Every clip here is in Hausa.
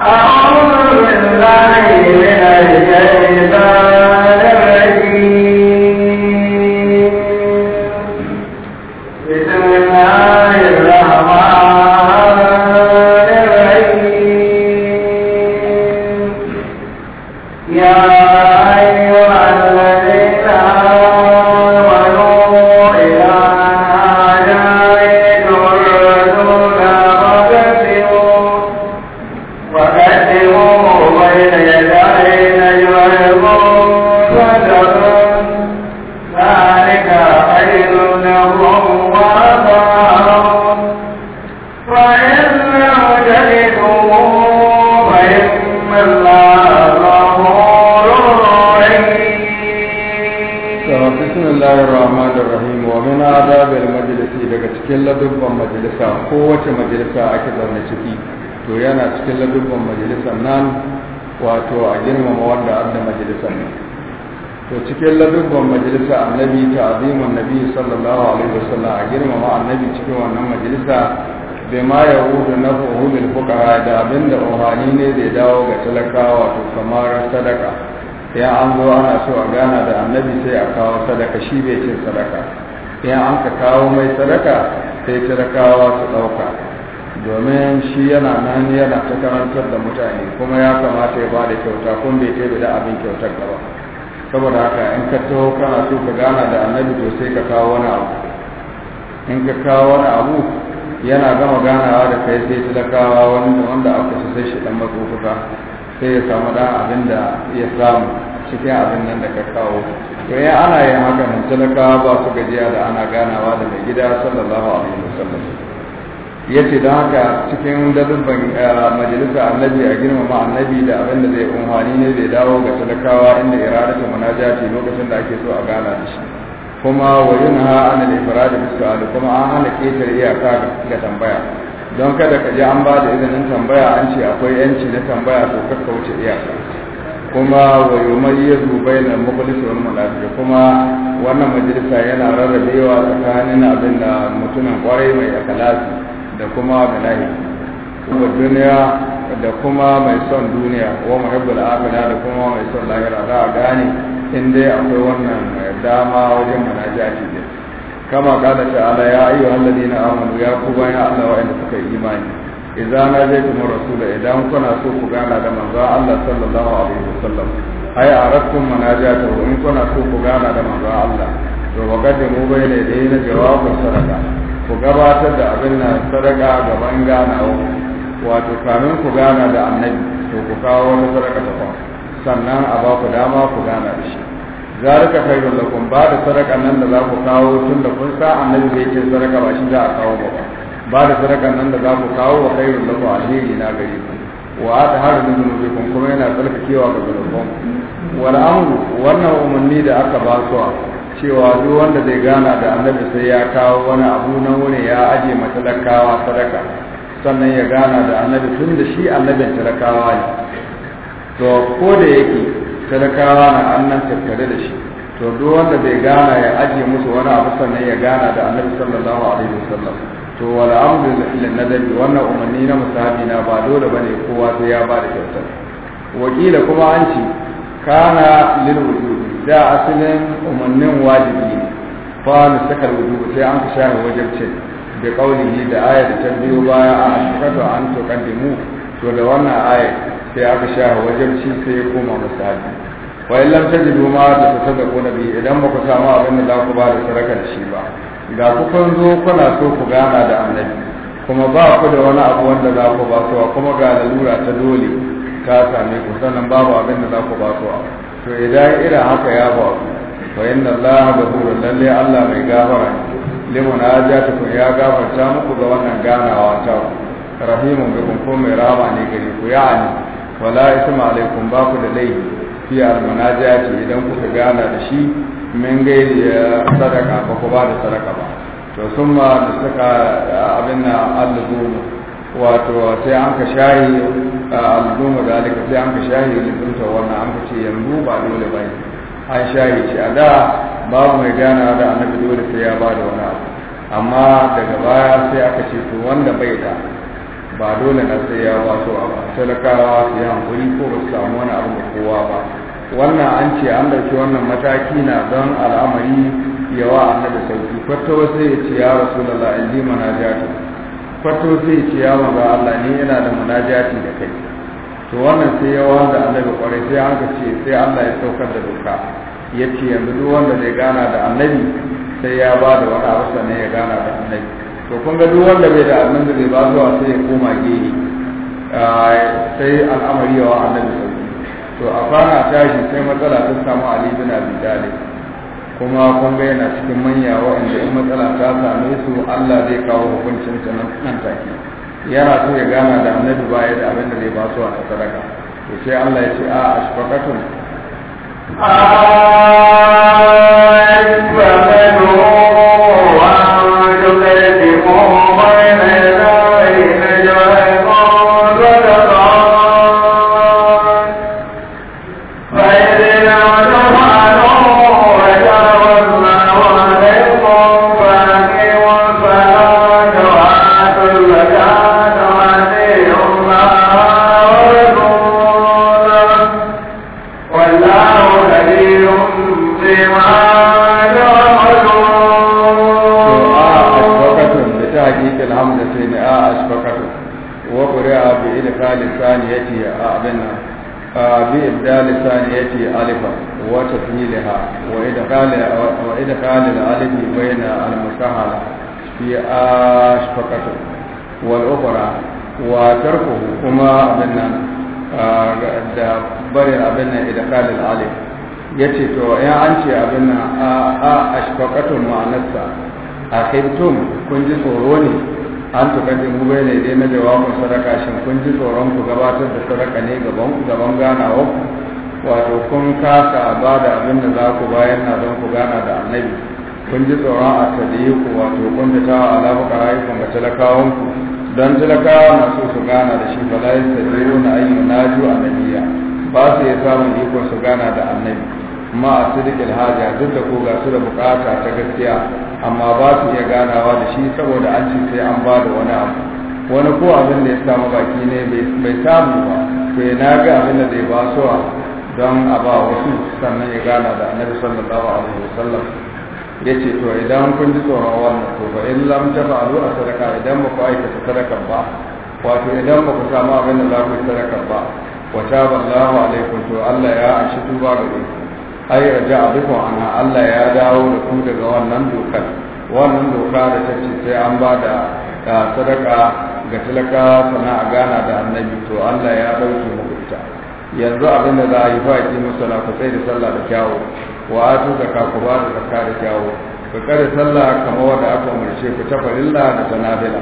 أعوذ بالله majalisa annabi ta azimin nabi sallallahu alaihi wasallam a girmama annabi cikin wannan majalisa bai ma ya wuce na fuhumin fukara da abin da ruhani ne zai dawo ga talakawa to kamar sadaka ya an zo ana so a gana da annabi sai a kawo sadaka shi bai cin sadaka ya an ka kawo mai sadaka sai talakawa su ɗauka domin shi yana nan yana ta karantar da mutane kuma ya kamata ya ba da kyauta kun bai ce da abin kyautar ba saboda haka in ka taho kana so ka gana da annabi to sai ka kawo wani abu in ka kawo wani abu yana gama ganawa da kai sai talakawa wanda wanda aka su sai shi dan makofuka sai ya samu dan abin da ya samu cikin abin nan da ka kawo to ya ana yin haka mun talakawa ba su gajiya da ana ganawa da mai gida sallallahu alaihi wasallam ya ce don haka cikin dazubban majalisa annabi a girmama annabi da abin da zai umfani ne zai dawo ga talakawa inda ta iradatu ce lokacin da ake so a gana da shi kuma wa yunha an al da bis-su'al kuma an hana ketar iyaka ga tambaya don kada ka ji an ba da izinin tambaya an ce akwai yanci na tambaya to kakka wuce iyaka kuma wa zubai na mukulisi wani munafiq kuma wannan majalisa yana rarrabewa tsakanin abin da mutumin kwarai mai akalasi da kuma bilahi wa duniya da kuma mai son duniya wa muhibbul akhirah da kuma mai son lahira za a gane in dai akwai wannan dama wajen munajati din kama kada ala ya ayu alladhina amanu ya ku ya Allah inda suka yi imani idan na zai kuma rasula idan kuna so ku gana da manzo Allah sallallahu alaihi wasallam ai arakkum munajata in kuna so ku gana da manzo Allah to bai qaddimu bayna yadayna jawabun sadaka. ku gabatar da abin nan sadaka gaban ganawa wato kamin ku gana da annabi to ku kawo wani sadaka ta sannan a ba ku dama ku gana da shi zalika khairul lakum ba da sadaka nan da za ku kawo tun da kun sa annabi zai ce sadaka ba shi za a kawo ba ba da sadaka nan da za ku kawo wa khairul lakum alheri na gari ku wa ta da min zunubikum kuma yana tsarkakewa ga zunubanku Wani amru wannan umarni da aka ba su cewa duk wanda zai gana da annabi sai ya kawo wani abu na wuni ya aje matalakawa sadaka sannan ya gana da annabi tun da shi annabin talakawa ne to ko da yake talakawa na annan tattare da shi to duk wanda zai gana ya aje musu wani abu sannan ya gana da annabi sallallahu alaihi wasallam to wala amru lil nadabi wannan umarni na musabi na ba dole bane kowa sai ya ba da kyautar wakila kuma an ci kana lil da asalin umarnin wajibi fa na saka rubutu sai an ka share wajibcin da kaulihi da ayar da ta biyo baya a ashkatu an to kaddimu to da wannan aya sai aka sha wajibci sai ya koma misali wa in lam tajidu ma ta sadaquna idan ba ku samu abin da za ku ba da sarakar da shi ba ga ku kun zo kuna so ku gana da annabi kuma ba ku da wani abu wanda za ku ba kuma ga lalura ta dole ka same ku sannan babu abin da za ku ba to idan irin haka ya ba fa inna Allah buru lalle Allah mai gafara limuna ta kun ya gafarta muku ga wannan ganawa ta rahimu ga kun ko mai rama ne ga ku ani wala isma alaikum ba ku da laifi fi almunajati idan kuka gana da shi min ya eh, sadaka ba ku ba da sadaka ba to sun ma da suka abin na wato sai an ka shahi al'umma da alika sai an ka shahi lizunta wannan an ka ce yanzu ba dole ba yi an shahi ce a da babu mai gana da annabi dole sai ya ba da wani abu amma daga baya sai aka ce to wanda bai da ba dole na sai ya ba su ba talakawa su yi hankuri ko ba su samu wani abu da kowa ba wannan an ce an ɗauki wannan mataki na don al'amari yawa annabi sauki fattawa sai ya ce ya rasu da la'ayi na jatu kwato sai ce ya maga Allah ne yana da munajati da kai to wannan sai ya wanda annabi kwarai sai an ce sai Allah ya saukar da doka ya ce yanzu duk wanda zai gana da annabi sai ya ba da wani abu sannan ya gana da annabi to kun ga duk wanda bai da annabi da zai ba zuwa sai ya koma gehe ah, sai al'amari yawa annabi sauki to a kwana tashi sai matsala ta samu Ali bin Abi Talib kuma kun ga yana cikin manya waɗanda in matsala ta same su Allah zai kawo hukuncin ta nan take yana so ya gana da annabi baya da abin da zai ba su a sadaka to sai Allah ya ce a ashfaqatun ashfaqatun wa tsoro ne an tuka mu gube ne dai na jawabin sadaka shin kun ji tsoron ku gabatar da sadaka ne gaban gaban ganawa wato kun kasa ba da abin da za ku bayan na don ku gana da annabi kun ji tsoron a ku wato kun ta ala bukara kun ga ku don talakawa na so su gana da shi bala ta sabiru na ayyuna ju a nabiya ba su yi samun ikon su gana da annabi ma su duk haja duk da koga su da bukata ta gaskiya amma ba su iya ganawa da shi saboda an ce sai an ba da wani abu wani ko abin da ya samu baki ne bai samu ba to ya naga abin da zai ba su don a ba wasu sannan ya gana da annabi sallallahu alaihi wasallam ya ce to idan kun ji tsoron wannan to ba in lam ta ba a sadaka idan ba ku aikata sadaka ba wato idan ba ku samu abin da za ku yi sadaka ba wa ta ba alaikum to Allah ya ashi tuba ga ku ai raja abubuwa ana Allah ya dawo da ku daga wannan dokar wannan doka da ta ce sai an ba da sadaka ga talaka sana a gana da annabi to Allah ya ɗauki muku yanzu abin da za a yi baki musu na ku sai da sallah da kyawu wa atu ka ku ba da zakka da kyawu ku kare sallah kamar wanda aka umarce ku ta farilla da sanadila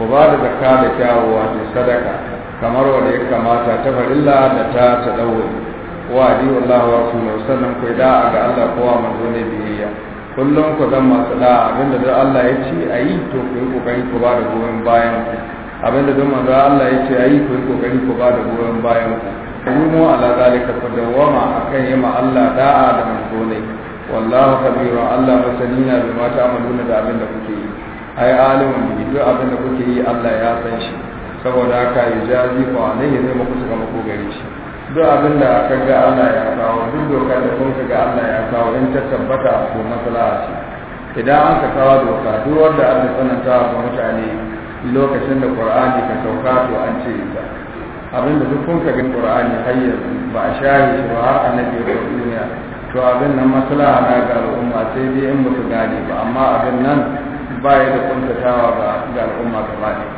ku ba da zakka da kyawu wato sadaka kamar wanda ya kamata ta farilla da ta tadawu wa adi wallahi wa rasuluhu sannan ku da'a ga Allah kowa manzo ne biyayya kullum ku zan masu da'a abinda da Allah ya ce a yi to ku yi kokari ku ba da goyon bayan ku abinda da manzo Allah ya ce ayi yi ku yi kokari ku ba da goyon bayan ku rumo ala zalika ku dawama akan yima Allah da'a da manzo ne wallahu kabiru Allah masanina bi ma ta'maluna da abinda kuke yi ai alimun bi duk abinda kuke yi Allah ya san shi saboda haka yajazi fa ne, zai muku suka mako gare shi duk abin da ka ga Allah ya kawo duk dokar da kun ga Allah ya kawo in ta tabbata ko matsala ce idan an ka kawo doka duk wanda Allah tsananta ga mutane lokacin da Qur'ani ka sauka to an ce ita abin da duk kun ka ga Qur'ani har ba a shaye shi ba har annabi ya kawo duniya to abin nan matsala na ga al'umma sai dai in mutu gane ba amma abin nan ba ya da kuntatawa ga al'umma gaba ɗaya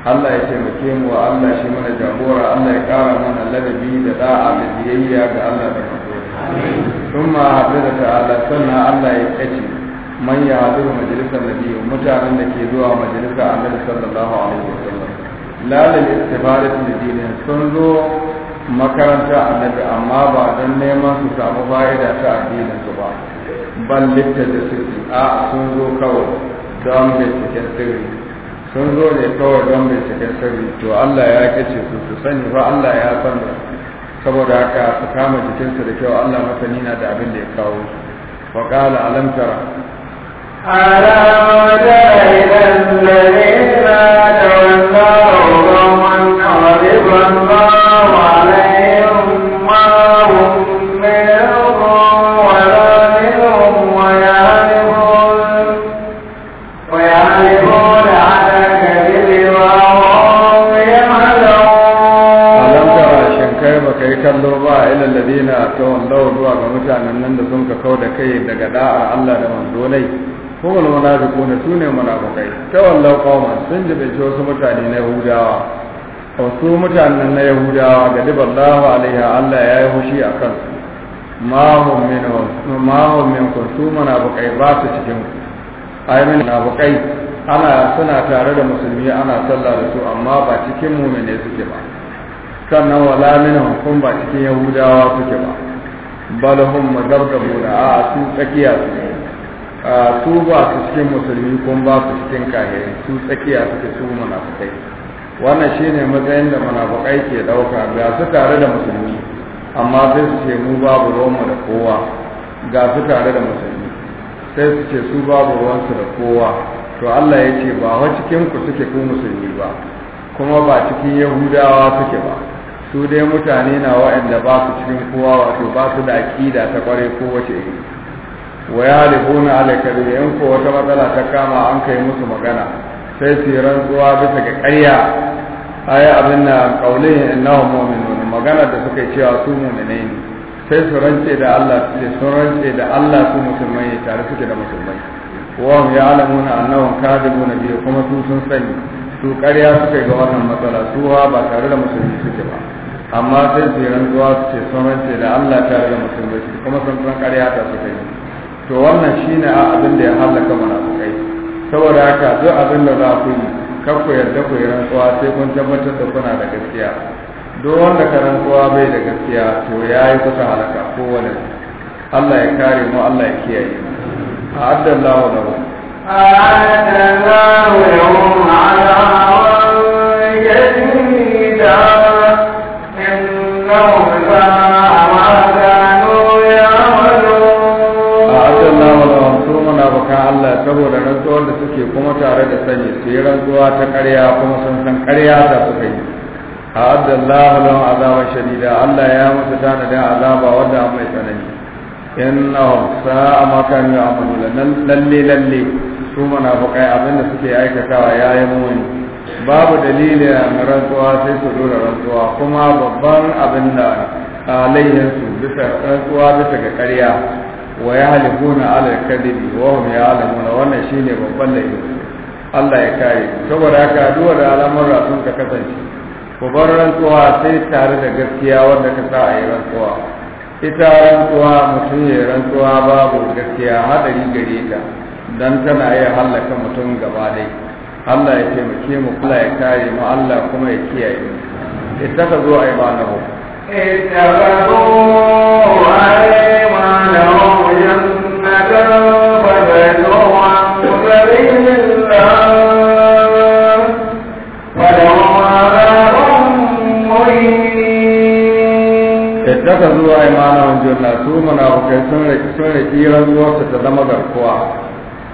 Allah ya taimake mu Allah shi mana jagora Allah ya kara ladabi da da biyayya ga Allah da fito. Sun ma da ta'ala sannan Allah ya kace man ya haɗu da majalisar nabi mutanen da ke zuwa majalisar Allah sallallahu alaihi wa sallam. Lalin istifarit da sun zo makaranta annabi amma ba don neman su samu fa'ida ta addinin su ba. Ban littattafa su a sun zo kawai don littattafa sun zo ne kawai don bai cika sirri to Allah ya kace su su sani ba Allah ya san da saboda haka su kama jikinsu da kyau Allah masani na da abin da ya kawo su wa qala alam tara ala waja'ila alladhina tawallaw qawman 'adiban da kai daga da'ar Allah da mandolai kuma munafiquna sune ta tawallau qauman sun bai wasu mutane na yahudawa wasu mutanen na yahudawa ga diballahu alaiha Allah ya yi hushi a kan ma hum min ma hum ba su cikin ai min munafiqai ana suna tare da musulmi ana sallah da su amma ba cikin mu ne suke ba sannan wala min kun ba cikin yahudawa suke ba balahum magabgabuna a su tsakiya su su ba su cikin musulmi kun ba su cikin kahiri su tsakiya suke su munafukai wannan shine matsayin da munafukai ke dauka ga su tare da musulmi amma sai su ce mu babu ruwanmu da kowa ga su tare da musulmi sai su ce su babu ruwansu da kowa to Allah ya ce ba wa cikin ku suke ku musulmi ba kuma ba cikin yahudawa suke ba su dai mutane na wa'anda ba su cikin kowa wato ba su da aƙida ta kware ko wace iri wa ya halifuna ala kadhibi in ko wata matsala ta kama an kai musu magana sai su rantsuwa bisa ga ƙarya ayi abin na qaulin innahu mu'minun magana da suka cewa su mu'minai ne sai su rance da Allah su sun rance da Allah su musulmai ne tare suke da musulmai wa hum ya'lamuna annahum na bi kuma su sun sani su ƙarya suka ga wannan matsala su ba tare da musulmi suke ba amma sai su yi rantsuwa su ce sun ce da Allah ta yi musulunci, kuma sun san ƙarya ta su kai to wannan shi ne a abin da ya hallaka munafukai saboda haka duk abin da za ku yi kar ku yarda ku yi rantsuwa sai kun tabbatar da kuna da gaskiya duk wanda ka rantsuwa bai da gaskiya to ya yi kusa halaka kowane Allah ya kare mu Allah ya kiyaye A da mu a addallahu lahu أعدت الله يوم على رجل Allah saboda rantsuwar da suke kuma tare da sani su yi rantsuwa ta ƙarya kuma sun san ƙarya da suka yi a addallahu lahum azaban shadida Allah ya musu tanadin azaba wanda mai tsanani innahum sa'a ma kanu ya'maluna lalle lalle su munafiqai abinda suke aikatawa yayi muni babu dalili dalilin rantsuwa sai su dora rantsuwa kuma babban abin da alayyansu bisa rantsuwa bisa ga ƙarya wa ya halifuna alal kadibi wa hum ya'lamuna wannan shine babban laifi Allah ya kare saboda haka duwa da al'amura sun ka kasance ku bar rantsuwa sai tare da gaskiya wanda ka sa a yi rantsuwa ita rantsuwa mutum ya rantsuwa babu gaskiya hadari gare ta dan tana iya hallaka mutum gaba ɗaya Allah ya taimake mu kula ya kare mu Allah kuma ya kiyaye mu ittaka zo a imanahu ittaka zo a imanahu yannatan daga zuwa imanin juna su munafukai sun raki rantsuwarsa ta zama garkuwa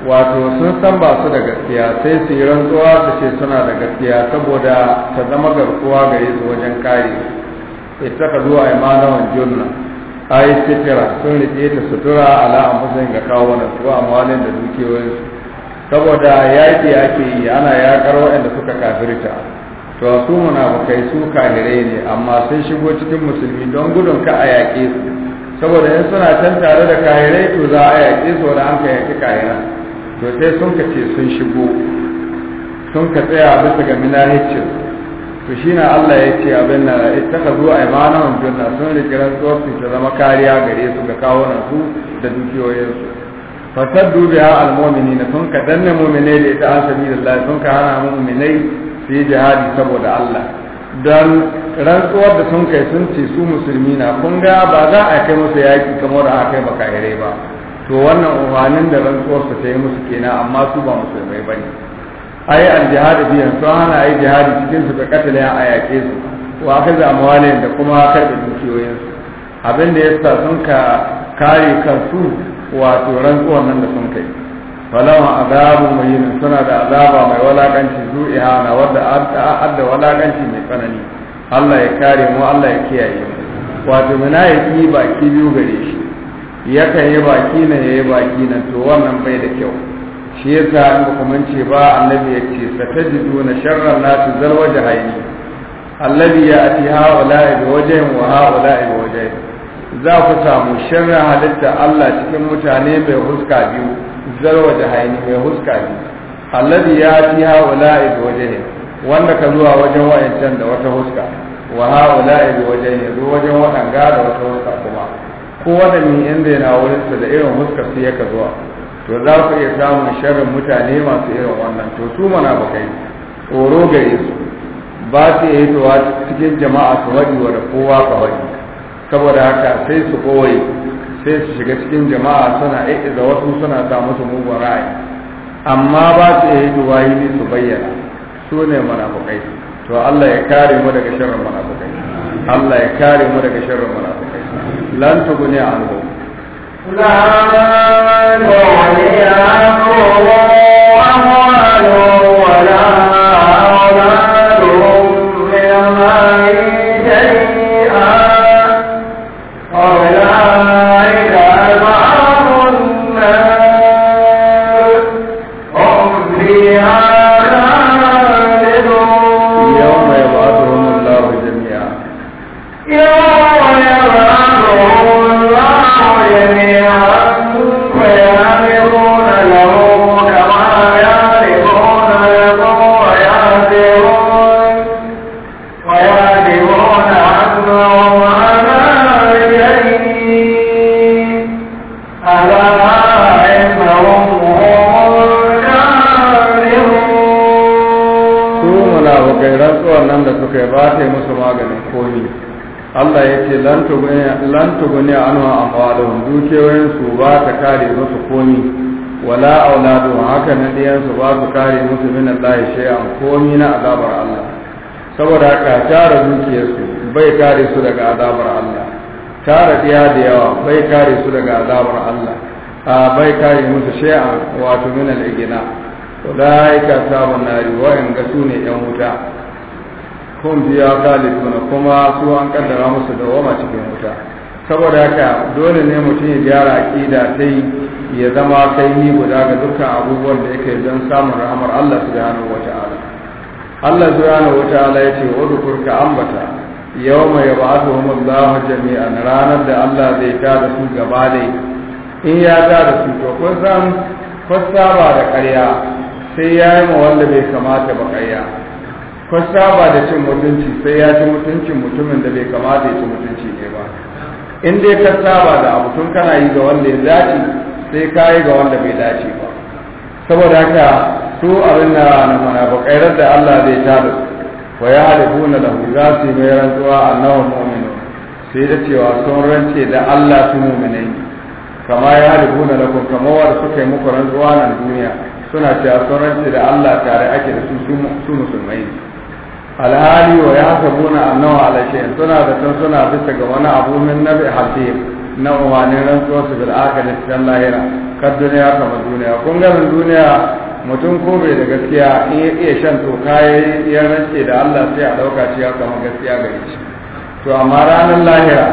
wato sun san ba su da gaskiya sai su yi rantsuwa su ce suna da gaskiya saboda ta zama garkuwa ga su wajen kare ita ka zuwa imanawan junna ayi sun riƙe ta sutura ala musayin ga kawo wani a amalin da dukiyoyin saboda yaƙi ake yi ana yaƙar waɗanda suka kafirta to su munafukai su kahirai ne amma sun shigo cikin musulmi don gudun ka a yaƙe su saboda in suna can tare da kahirai to za a yaƙe su wanda an ka yaƙi kahirai to sai sun ka ce sun shigo sun ka tsaya bisa ga minahicin to shi na Allah ya ce abin na ita ka zo a imanan junna sun rikirar tsofin ta zama kariya gare su ga kawunan su da dukiyoyinsu fasaddu al almu'mini na sun ka danne mu'minai da ita an da sabilillah sun ka hana mu'minai su yi jihadi saboda Allah don rantsuwar da sun kai sun ce su musulmi na kun ba za a kai musu yaƙi kamar da aka kai ba to wannan umarnin da rantsuwar su ta yi musu kenan amma su ba musulmai ba ne A yi jihad biyan sun hana a yi jihadi cikin su ka katale a yaƙe su wa aka za wani da kuma karɓe dukiyoyin su abin da sa sun ka kare kansu wato rantsuwar nan da sun kai falawa azabu mai suna da azaba mai walakanci zu'iha na wadda adda walakanci mai tsanani Allah ya kare mu Allah ya kiyaye mu wato munafiki baki biyu gare shi yakan yi baki na ya yi baki na to wannan bai da kyau shi sa an ba kuma ce ba annabi ya ce satajidu na sharran nasu da haini allabi ya ati ha'ula'i bi wajen wa ha'ula'i da wajen za ku samu sharrin halitta Allah cikin mutane mai huska biyu da haini mai huska biyu allabi ya ati ha'ula'i bi wajen wanda ka zuwa wajen wa'ancan da wata huska wa ha'ula'i da wajen ya zo wajen waɗanga da wata huska kuma ko waɗanne inda yana na wurin sa da irin huskar su yaka zuwa to za ku iya samun sharrin mutane masu irin wannan to su mana bakai tsoro gare su ba su iya hitowa cikin jama'a su wadi wa da kowa ka wadi saboda haka sai su kowai sai su shiga cikin jama'a suna da wasu suna sa musu mugun ra'ayi amma ba su iya hitowa yi su bayyana su ne munafukai to Allah ya kare mu daga sharrin munafukai Allah ya kare mu daga sharrin munafukai lan ne a lan lam tuguni anwa amwaluhum dukiyoyin su ba ta kare musu komi wala auladu haka na diyan su ba su kare musu min Allah shay'an komi na azabar Allah saboda ka tara dukiyarsu, bai kare su daga azabar Allah tara diya da yawa bai kare su daga azabar Allah a bai kare musu shay'an wato min al-igna ulaika sabun nari in ga su ne yan wuta kun biya kalifuna kuma su an kaddara musu da wama cikin wuta saboda haka dole ne mutum ya gyara aƙida sai ya zama kai ni guda ga dukkan abubuwan da yake don samun rahamar Allah subhanahu wa ta'ala Allah subhanahu wa ta'ala ya ce wadu kurka ambata yau mai Allah jami'an ranar da Allah zai ta da su gaba dai in ya ta da su to kun san ba da ƙarya sai ya yi ma wanda bai kamata ba ƙarya ba da cin mutunci sai ya ci mutuncin mutumin da bai kamata ya ci mutunci ne ba in dai ka saba da abu tun kana yi ga wanda ya dace sai ka yi ga wanda bai dace ba saboda haka su abin da na munafiqai da Allah zai da wa ya halifuna da za su mai rantsuwa a nawa mu'minu sai da cewa sun rance da Allah su mu'minai kama ya halifuna lakum kama wa suka yi muku rantsuwa nan duniya suna cewa sun rance da Allah tare ake da su su musulmai alhali wa ya sabuna annawa ala shay'in suna da san suna bisa ga wani abu min nabi hasib na umarnin rantsuwar su bil akhir cikin lahira kan duniya kamar duniya kun ga duniya mutum ko bai da gaskiya in ya iya shan toka ya rance da Allah sai a dauka shi ya kama gaskiya ga shi to amma ranar lahira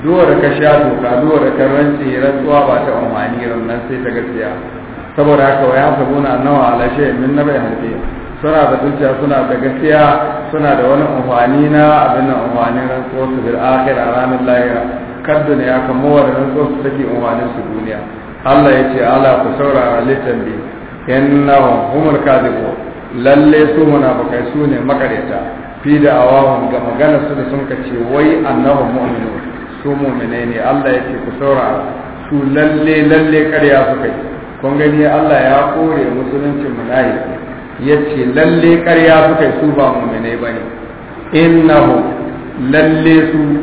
duwa ka sha toka duwa da ka rance rantsuwa ba ta umarnin rannan sai ta gaskiya saboda haka wa ya sabuna annawa ala shay'in min nabi hasib suna da zuciya suna da gaskiya suna da wani umarni na abin nan na rantsuwar su bil akhir a ranar lahira kar duniya kamar wani rantsuwar su take amfanin su duniya Allah ya ce ala ku saurara littan bi inna humul kadibu lalle su munafikai su ne makareta fi da awahum ga magana su da sun kace wai annahu mu'minu su mu'mine ne Allah ya ce ku saurara su lalle lalle ƙarya su kai kun gani Allah ya kore musuluncin munafiki yace lalle ƙarya suka yi su ba mu'minai bane innahu lalle su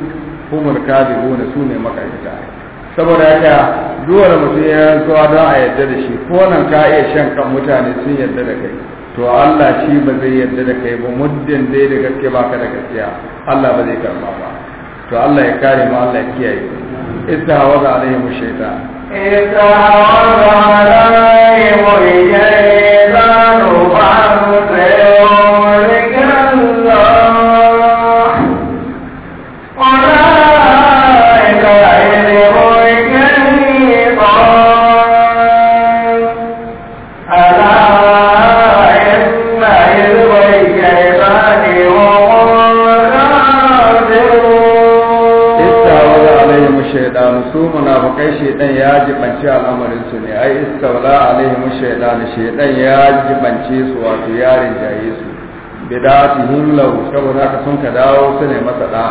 humul gona su ne makarita saboda haka duwar mutum ya zuwa, don a yadda da shi ko nan ka iya shan kan mutane sun yadda da kai to Allah shi ba zai yadda da kai ba muddin dai da gaske baka da gaskiya Allah ba zai karba ba to Allah ya kare mu Allah ya kiyaye istahawa ga alaihi shaitan إذا shaidan ya jibance su wato ya rinjaye su bida su lau saboda haka sun ka dawo su ne masa da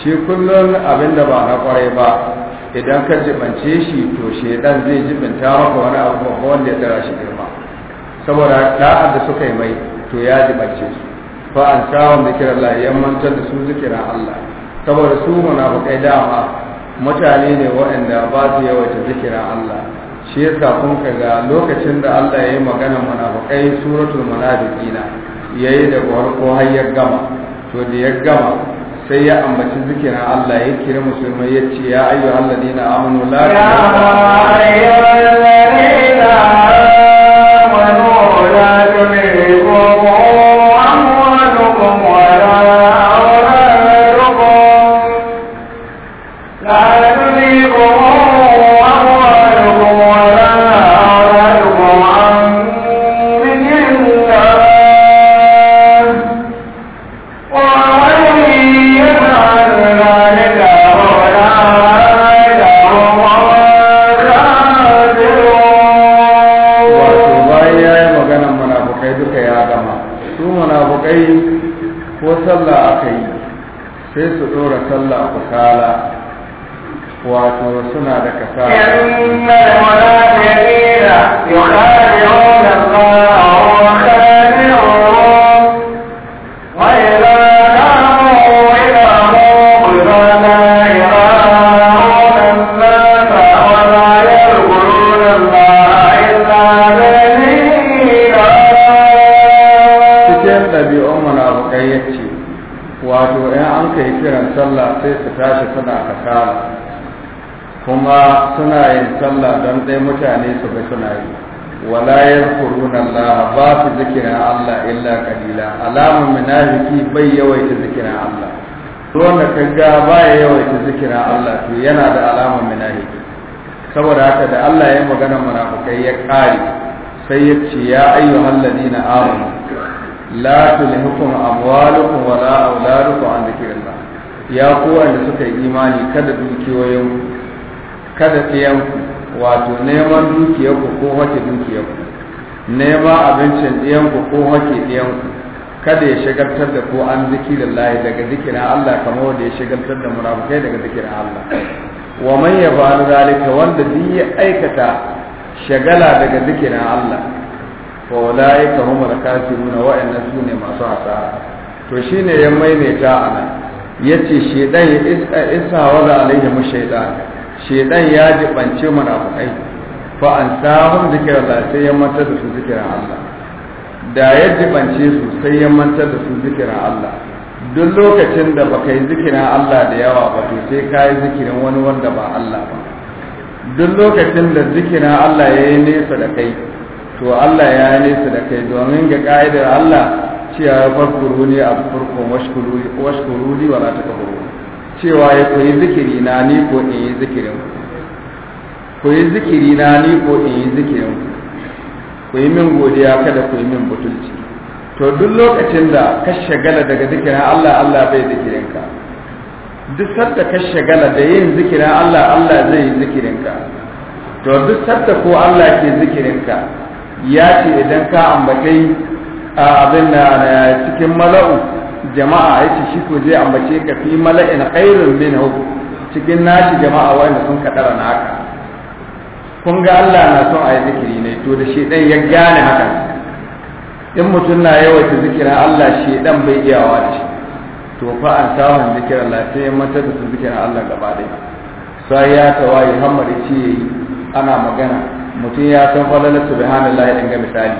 shi kullun abinda ba na kwarai ba idan ka jibance shi to shaidan zai jibinta maka wani abu ko wanda ya tara shi girma saboda da'ar da suka yi mai to ya jibance su fa an da zikirar Allah ya mantar da su zikira Allah saboda su munafukai dama mutane ne waɗanda ba su yawaita zikira Allah shi yasa kun ga lokacin da Allah ya yi magana munafukai suratul munafiqina yayi da farko har ya gama to da ya gama sai ya ambaci zikirin Allah ya kira musulmai ya ce ya ayyuhal ladina amanu la ilaha suka yi kiran sallah sai su tashi suna kakala kuma suna yin sallah don ɗaya mutane su ga suna yi wala yadhkurun Allah ba su zikirin Allah illa qalila alamun munafiki bai yawaita zikirin Allah to wanda kaga ba ya yawaita zikirin Allah to yana da alamun munafiki saboda haka da Allah ya yi magana munafikai ya kare sai ya ce ya ayyuhal ladina amanu la tulhikum amwalukum wala auladukum an zikrillah ya ku wanda suka yi imani kada dukiyoyin kada tiyan wato neman dukiyarku ko wace dukiyarku nema abincin ɗiyanku ko hake ɗiyanku kada ya shagaltar da ko an zikirin lahi daga zikirin Allah kamar wanda ya shagaltar da munafukai daga zikirin Allah wa man ya zalika wanda duk ya aikata shagala daga zikirin Allah wa ulaika humul kafirun wa inna sune masu hasara to shine ya maimaita anan yace shedan ya isa wala alaihi mushaytan shedan ya jibance munafikai fa ansahum da sai ya manta da su zikira Allah da ya jibance su sai ya manta da su zikira Allah duk lokacin da baka yi zikirin Allah da yawa ba to sai ka yi zikirin wani wanda ba Allah ba duk lokacin da zikirin Allah ya yi nesa da kai to Allah ya yi nesa da kai domin ga ka'idar Allah cewa ya farkuru ne a farkon washkuru ne wala ta kafuru cewa ya koyi zikiri na ni ko in yi zikirin koyi zikiri na ni ko in yi zikirin ku yi min godiya kada ku yi min butulci to duk lokacin da ka shagala daga zikirin Allah Allah bai zikirin ka. duk sarta ka shagala da yin zikirin Allah Allah zai yi zikirin ka. to duk sarta ko Allah ke zikirin ka. ya ce idan ka ambatai abin da cikin mala'u jama'a ya ce shi ko zai ambace ka fi mala'in bin min cikin nashi jama'a wanda sun kaɗara na haka. kun ga Allah na son a yi zikiri ne to da ɗan ya gane haka in mutum na yawaita zikirin Allah ɗan bai iya da shi to fa an samu zikirin Allah sai ya mata da zikirin Allah gaba ɗaya sai ya tawaye hammar ce ana magana mutum ya san falalar subhanallah din ga misali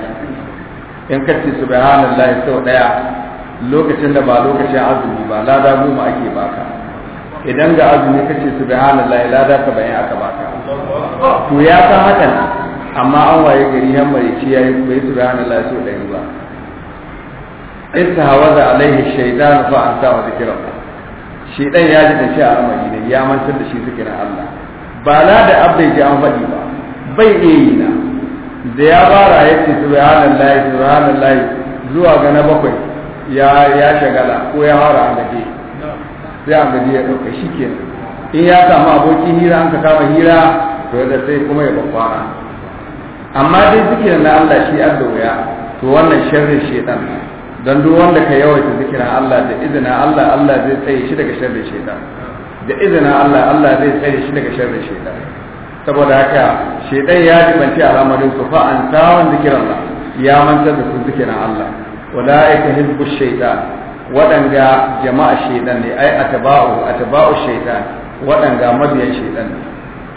in ka ce subhanallah sau daya lokacin da ba lokacin azumi ba lada goma ake baka idan ga azumi ka ce subhanallahi lada ka bayan aka baka to ya san hakan amma an waye gari yan marici ya yi bai subhanallah sau daya ba In da alaihi shaytan fa anta wa shi dan ya ji da shi a amari ne ya mantar da shi zikirin Allah ba la da abdai ji an faɗi ba bai iya yi na da ya fara ya ce subhanallahi layi zuwa ga na bakwai ya ya shagala ko ya fara an gaje sai an gaje ya dauka shikenan in ya samu abokin hira an ka kama hira to da sai kuma ya bakwara amma dai zikirin na Allah shi an da wuya to wannan sharrin shedan don duk wanda ka yawaita zikirin Allah da izinin Allah Allah zai tsaye shi daga sharrin shedan da izinin Allah Allah zai tsaye shi daga sharrin shedan saboda haka shedan ya a al'amarin su fa an tawan Allah ya mantar da su na Allah ka hizbu shaytan wadanga jama'a shaytan ne ai atba'u atba'u shaytan wadanga mabiyan shaytan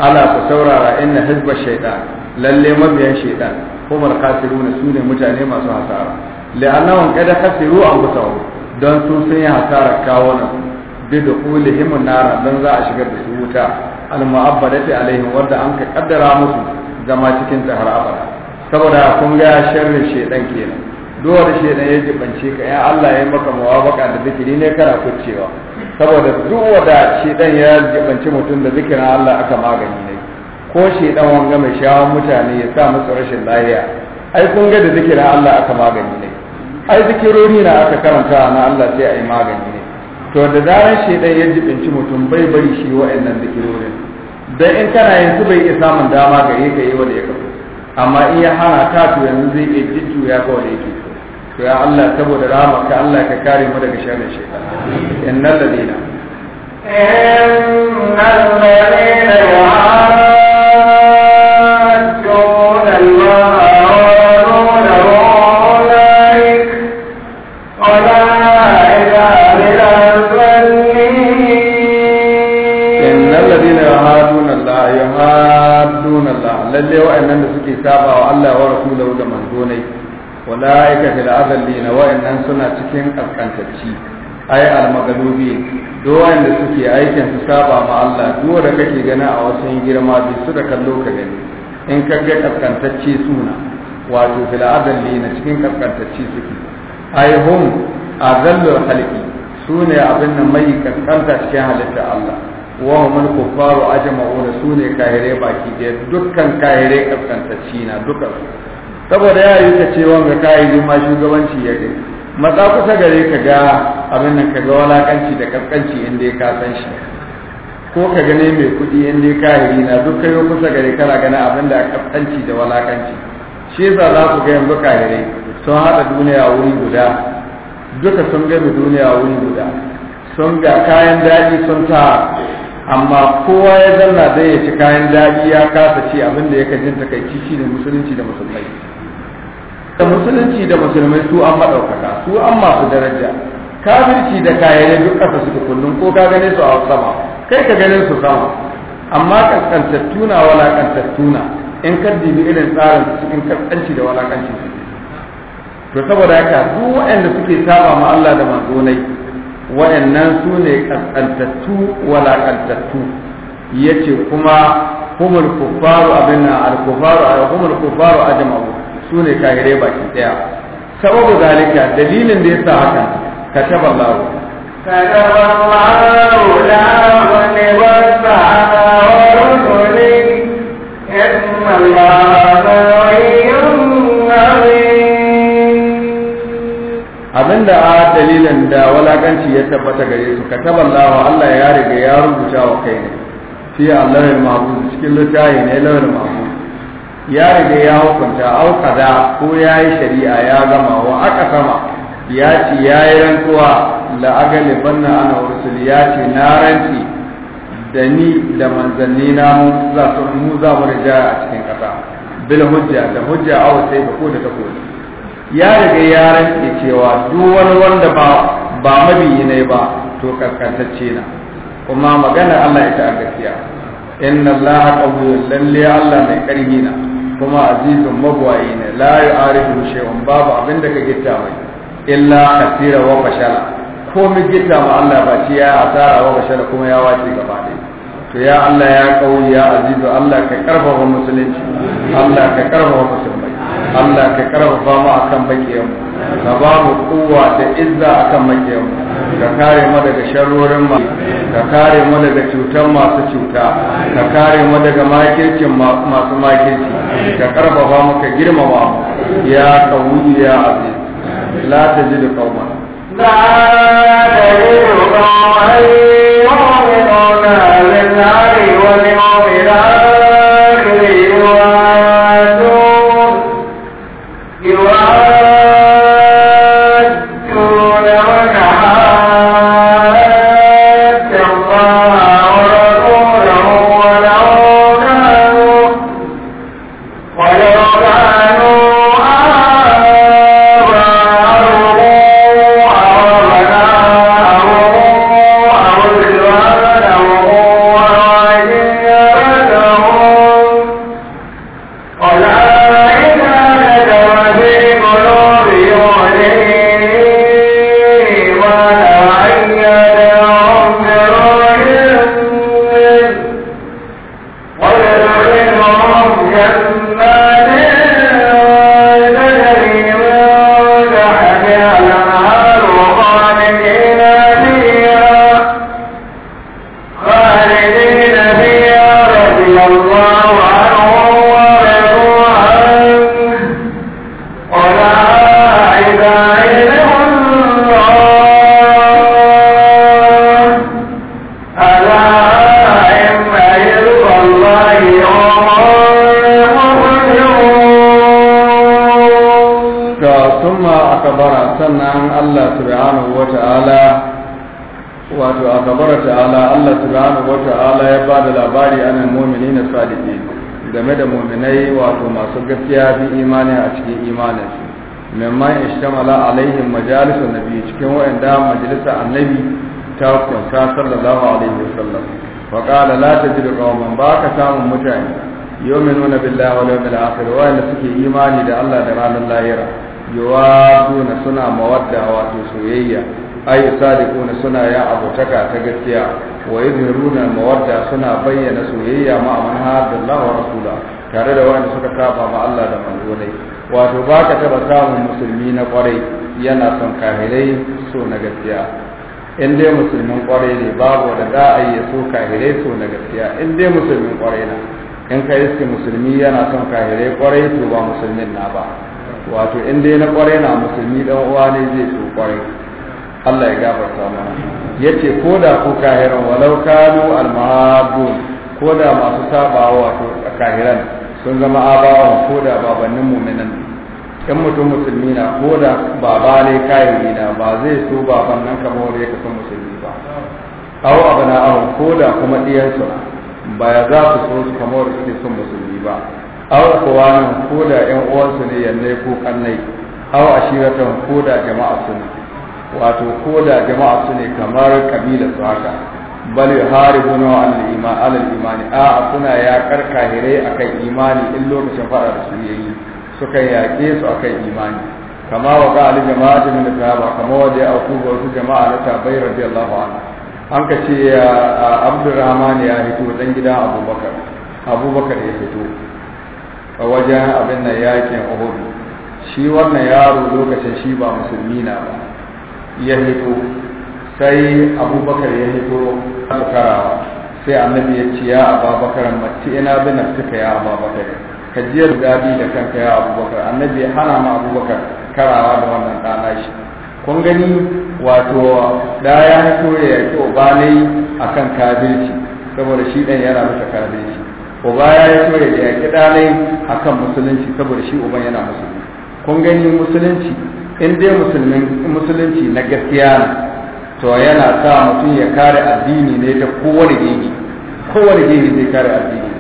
ala ku saurara inna hizba shaytan lalle mabiyan shaytan kuma kafiruna su ne mutane masu hasara la'annahum qad khasiru anfusahum don su sun yi hasara kawo nan bi dukulihim nara don za a shigar da su wuta al-mu'abbadati alaihim wanda an ka kaddara musu zama cikin ta har abada saboda kun ga sharrin shedan kenan duwar shedan ya jibance ka ya Allah ya maka muwabaka da zikiri ne kana kucewa saboda duwa da shedan ya jibance mutum da zikirin Allah aka magani ne ko shedan wanga mai shawon mutane ya sa musu rashin lafiya ai kun ga da zikirin Allah aka magani ne ai zikirori na aka karanta na Allah sai ai magani ne to da zaran shaidan ya jibinci mutum bai bari shi wa'annan wurin, dan in kana yin su bai iya samun dama ga yi ka yi wanda ya kafa amma in ya hana ta to yanzu zai iya jijju ya ga wanda yake to ya Allah saboda rahmaka Allah ka kare mu daga sharrin shaitan innal ladina innal ladina lalle wa'annan da suke saba wa Allah wa rasulahu da manzonai walaika fil na wa'annan suna cikin kaskantacci ai almagalubi do wa'anda suke aikin su saba ma Allah duk da kake gana a wasu girma bi su da kallo ka gani in ka ga kaskantacci suna wato fil na cikin kaskantacci suke ai hum azallul khalqi sune abin nan mai kaskanta cikin halitta Allah wa man kuffaru ajma'una sune kahire baki da dukkan kahire kaskantacci na duka saboda ya yi ta ce wanga kahiri ma shugabanci ya ga matsa kusa gare ka ga abin nan ka ga walakanci da kaskanci inda ya kasan shi ko ka gane mai kuɗi inda ya kahiri na duk kai kusa gare kana gana abin da kaskanci da walakanci shi yasa za ku ga yanzu kahire sun haɗa duniya wuri guda duka sun gami duniya wuri guda sun ga kayan daji sun ta amma kowa ya zanna dai ya ci kayan daɗi ya kasa ce abin da yake jin takaici shi ne musulunci da musulmai da musulunci da musulmai su an maɗaukaka su an masu daraja kafirci da kayayyar duk ƙasa suke kullum ko ka gane su a sama kai ka ganin su sama amma kankantattu na walakantattu na in ka dibi irin tsarin su cikin kankanci da walakanci to saboda haka duk waɗanda suke saba ma Allah da manzonai waɗannan su ne wala walaƙantattu ya ce kuma humul kufaru abin na alkufaru a humul kufaru a jama'u su ne kahirai baki ɗaya sababu zalika dalilin da ya sa haka, ka taɓa lawo كتب الله لا غلب السماوات والأرض إن الله inda a dalilin da walakanci ya tabbata gare su ka kataballahu Allah ya riga ya rubuta wa kai ne fi Allahul mahfuz cikin littafi ne Allahul mahfuz ya riga ya hukunta au kada ko yayi shari'a ya gama wa aka sama ya ya yayi rantsuwa la agali banna ana rusul ya ci na ranci da ni da manzanni na mu za mu rijaya a cikin kasa bil hujja da hujja au sai ko da takobi ya riga ya ke cewa duk wani wanda ba ba mabiyi ne ba to karkatacce na kuma magana Allah ita a gaskiya inna Allah qawiyyun lalle Allah mai karfi na kuma azizun mabwayi ne la yu'arifu shay'un babu abin da ka gitta mai illa kasira wa bashara ko mu gitta ma Allah ba ci ya asara wa bashara kuma ya wace gaba ɗaya to ya Allah ya qawi ya azizu Allah ka karfafa musulunci Allah ka karfafa musulunci Allah ka karfafa mu akan bakiyan ka ba mu kowa da izza akan bakiyan ka kare mu daga sharrorin ma ka kare mu daga cutar masu cuta ka kare mu daga makircin masu makirci ka karfafa mu ka girmama mu ya kawuyi ya aziz la tajidu qauman la tajidu qauman yu'minuna billahi sannan Allah subhanahu wa ta'ala wato a kabara ta'ala Allah subhanahu wa ta'ala ya ba da labari anan muminin na sadiki game da muminai wato masu gaskiya bi imani a cikin imanin su mimman ishtamala alaihim majalisun nabi cikin wa'anda majalisa annabi ta kunsa sallallahu alaihi wasallam wa qala la tajidu qauman ba ka samun mutane yu'minuna billahi wal yawmil akhir wa suke imani da Allah da ranar lahira yuwaduna suna mawadda wato soyayya ay sadiquna suna ya abutaka ta gaskiya wa yadhiruna mawadda suna bayyana soyayya ma amana Allah wa rasula tare da wanda suka kafa ma Allah da manzonai wato baka taba samun musulmi na kwarai yana son kahirai so na gaskiya in dai musulmin kwarai ne babu da za a yi so kahirai so na gaskiya in dai musulmin kwarai na in ka iske musulmi yana son kahirai kwarai to ba musulmin na ba wato in na kwarai na musulmi dan uwa ne zai so kwarai Allah ya gafarta mana yace ko da ku kahiran walau kanu almahabu ko da masu sabawa wato kahiran sun zama abawa ko da babannin mu'minan in mutum musulmi na ko da baba ne kahiri na ba zai so baban nan kamar ya kasan musulmi ba aw abana aw ko da kuma diyansu ba ya za su so su kamar suke son musulmi ba aw kuwanan ko da ƴan uwansu ne yanne ko kannai aw ashiratan ko da jama'a su ne wato ko da jama'a su ne kamar kabila su haka bal yuharibuna an al-iman al imani a suna ya karkahire akan imani in lokacin fara da su yayi suka yaƙe su akan imani kama wa ga ali jama'a min sahaba kama wa da aku ga su jama'a na tabai radiyallahu anhu an ka ce abdurrahman ya fito dan gidan abubakar abubakar ya fito a wajen abin nan yakin uhud shi wannan yaro lokacin shi ba musulmi na ba ya hito sai abubakar ya hito karawa sai annabi ya ce ya ababakar mati ina bi nafsika ya ababakar ka ji gadi da kanka ya abubakar annabi ya hana ma abubakar karawa da wannan ɗana shi kun gani wato da ya hito ya yaki obanai akan kafirci saboda shi ɗan yana masa kafirci uba ya yi so ya yaki ɗanai akan musulunci saboda shi uban yana musulmi kun gani musulunci in dai musulunci na gaskiya ne to yana sa mutum ya kare addini ne ta kowane gini kowane gini zai kare addini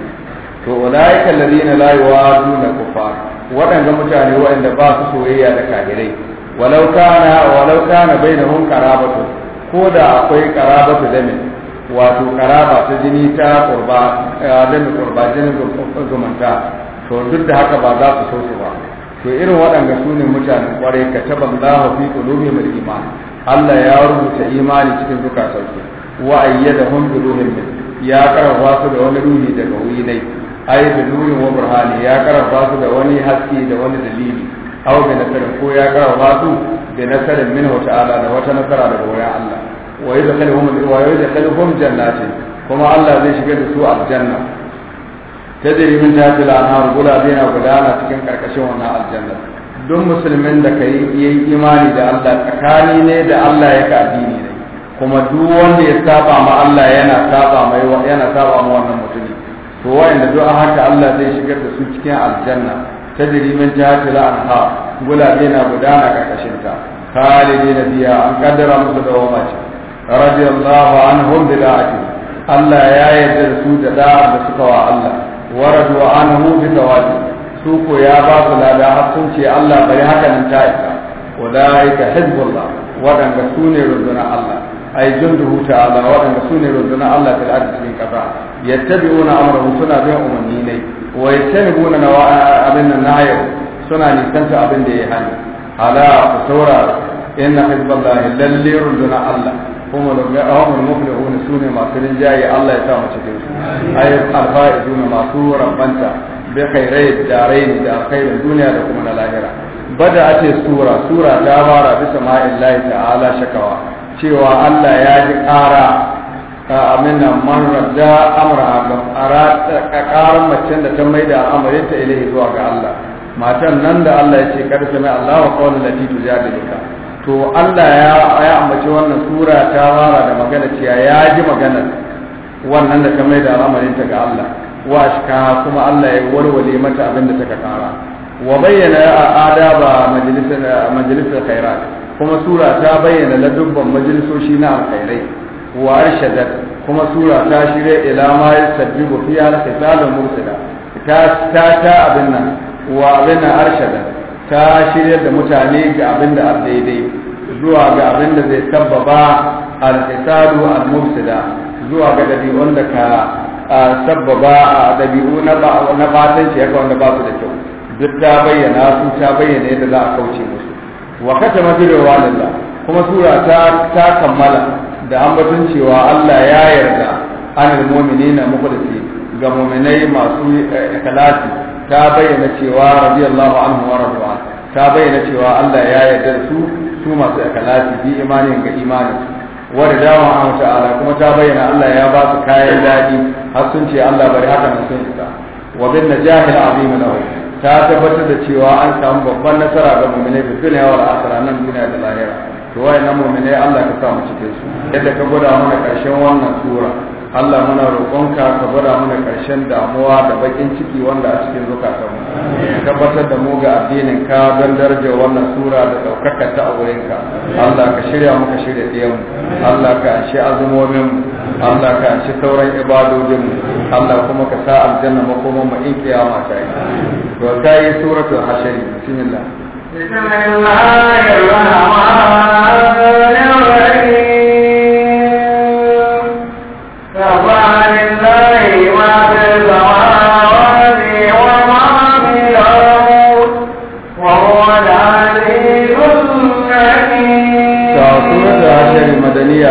to ulaiikal ladina la yuwaduna kufar waɗanda mutane waɗanda ba su soyayya da kafirai walau kana walau kana bainahum qarabatu ko da akwai qarabatu zamin wato karaba ta jini ta kurba eh, adam kurba jinin zumunta to duk da haka ba za su so su ba to irin waɗanda su ne mutanen kwarai ka taba Allah fi qulubihim mai imani Allah ya rubuta imani cikin duka su wa ayyadahum bi ruhin min ya karaba su da wani ruhi daga wuri ne ay bi wa burhani ya karaba su da wani haske da wani dalili aw bi nasarin ko ya karaba su bi nasarin minhu ta'ala da wata nasara daga wurin Allah wa yadkhuluhum wa yadkhuluhum jannatin kuma Allah zai shiga da su aljanna gudana cikin wannan duk musulmin da imani da Allah tsakani ne da Allah ya addini ne kuma duk wanda ya saba ma Allah yana saba mai yana saba ma wannan mutumi to wa'anda duk haka Allah zai shigar da su cikin aljanna tadri min tahtil anhar na gudana ta khalidina biya an kaddara musu dawama radiyallahu anhum bi da'ati Allah ya yarda da su da da'a da suka wa Allah wa radu anhu bi tawadi su ko ya ba su lada har ce Allah bari haka nan ta isa ulaika hizbullah wadanda su ne rundunar Allah ay junduhu ta'ala wadanda su ne rundunar Allah fil ardi cikin kasa yattabi'una amrahu suna bin umarni ne wa yattabi'una abin suna nisanta abin da ya hani ala ku saurara inna hizballahi lalle runduna Allah kuma da ahun muflihun su ne masu rinjaye Allah ya sa mu cikin su ay alfaizuna masu rabbanta bi da raini da khairin duniya da kuma na lahira bada ce sura sura ta fara bisa ma'illahi ta'ala shakawa cewa Allah ya ji ƙara amina marar da amurha ga ƙarar macen da ta mai da amurinta ilahi zuwa ga Allah matan nan da Allah ya ce karfe mai Allah wa kawai lati tu jadilika to Allah ya ya ambaci wannan sura ta fara da magana cewa ya ji maganar wannan da ka mai da al'amarin ta ga Allah wa shika kuma Allah ya warware mata abin da take kara wa bayyana adaba majalisar majalisar khairat kuma sura ta bayyana ladubban majalisoshi na alkhairai wa arshadat kuma sura ta shirya ila ma yasabbibu fiya al-qitalul mursala ta ta abin nan wa abin arshadat Ta shiryar da mutane ga abin da daidai zuwa ga abin da zai sabbaba al-isadu al mursida zuwa ga dabi'un da ka sabbaba dabi'u na na batan shi ba su da kyau duk ta bayyana su ta bayyana yadda za a kauce musu wa kata bi Lalla, kuma sura ta kammala da ambatun cewa Allah ya yarda mumini mu'minina mukhlisi ga mu'minai masu eh, ikhlasi ta bayyana cewa radiyallahu anhu wa radwa ta bayyana cewa Allah ya yarda su su masu akalati bi imanin ga imanin wa ridawa an ta'ala kuma ta bayyana Allah ya ba su kayan daɗi har sun ce Allah bari haka na sun isa wa bin najahil azim lahu ta tabbatar da cewa an samu babban nasara ga mu'minai da dunya wal akhirah nan duniya da lahira to wayannan mu'minai Allah ka sa mu cikin su yadda ka gwada mana karshen wannan sura Allah muna roƙonka ka bada mana ƙarshen damuwa da baƙin ciki wanda a cikin zukatanmu tabbatar da mu ga addinin ka don darajar wannan sura da ɗaukaka ta a wurinka Allah ka shirya muka shirya ɗiyanmu Allah ka anshi azumomin Allah ka anshi sauran ibadodin Allah kuma ka sa aljanna makoman mu in kiyama ta yi to ta yi suratul hashari bismillah ne,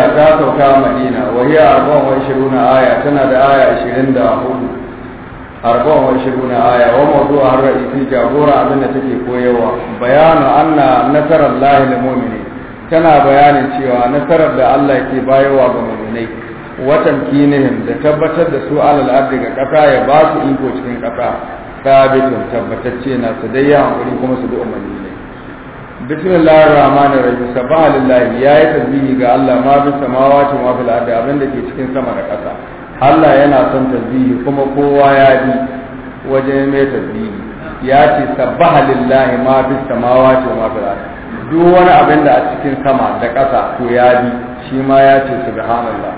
madaniya ta sauka madina wa hiya arba'un wa ishiruna aya tana da aya ishirin da hudu arba'un wa ishiruna aya wa mawdu'a har fi jagora abinda take koyawa bayanu anna nasarar lahi lil mu'mini tana bayanin cewa nasarar da Allah yake bayarwa ga mu'minai watan tamkinihim da tabbatar da su alal ardi ga kasa ya ba su iko cikin kasa sabitun tabbatacce na su dai ya hankali kuma su bi umarni bismillahir rahmanir rahim sabaha lillahi ya yi tasbihi ga Allah ma bi samawati ma fil ardi abin da ke cikin sama da ƙasa Allah yana son tasbihi kuma kowa ya bi wajen mai tasbihi ya ce sabaha lillahi ma bi samawati ma fil ardi duk wani abin da a cikin sama da ƙasa to ya bi shi ma ya ce subhanallah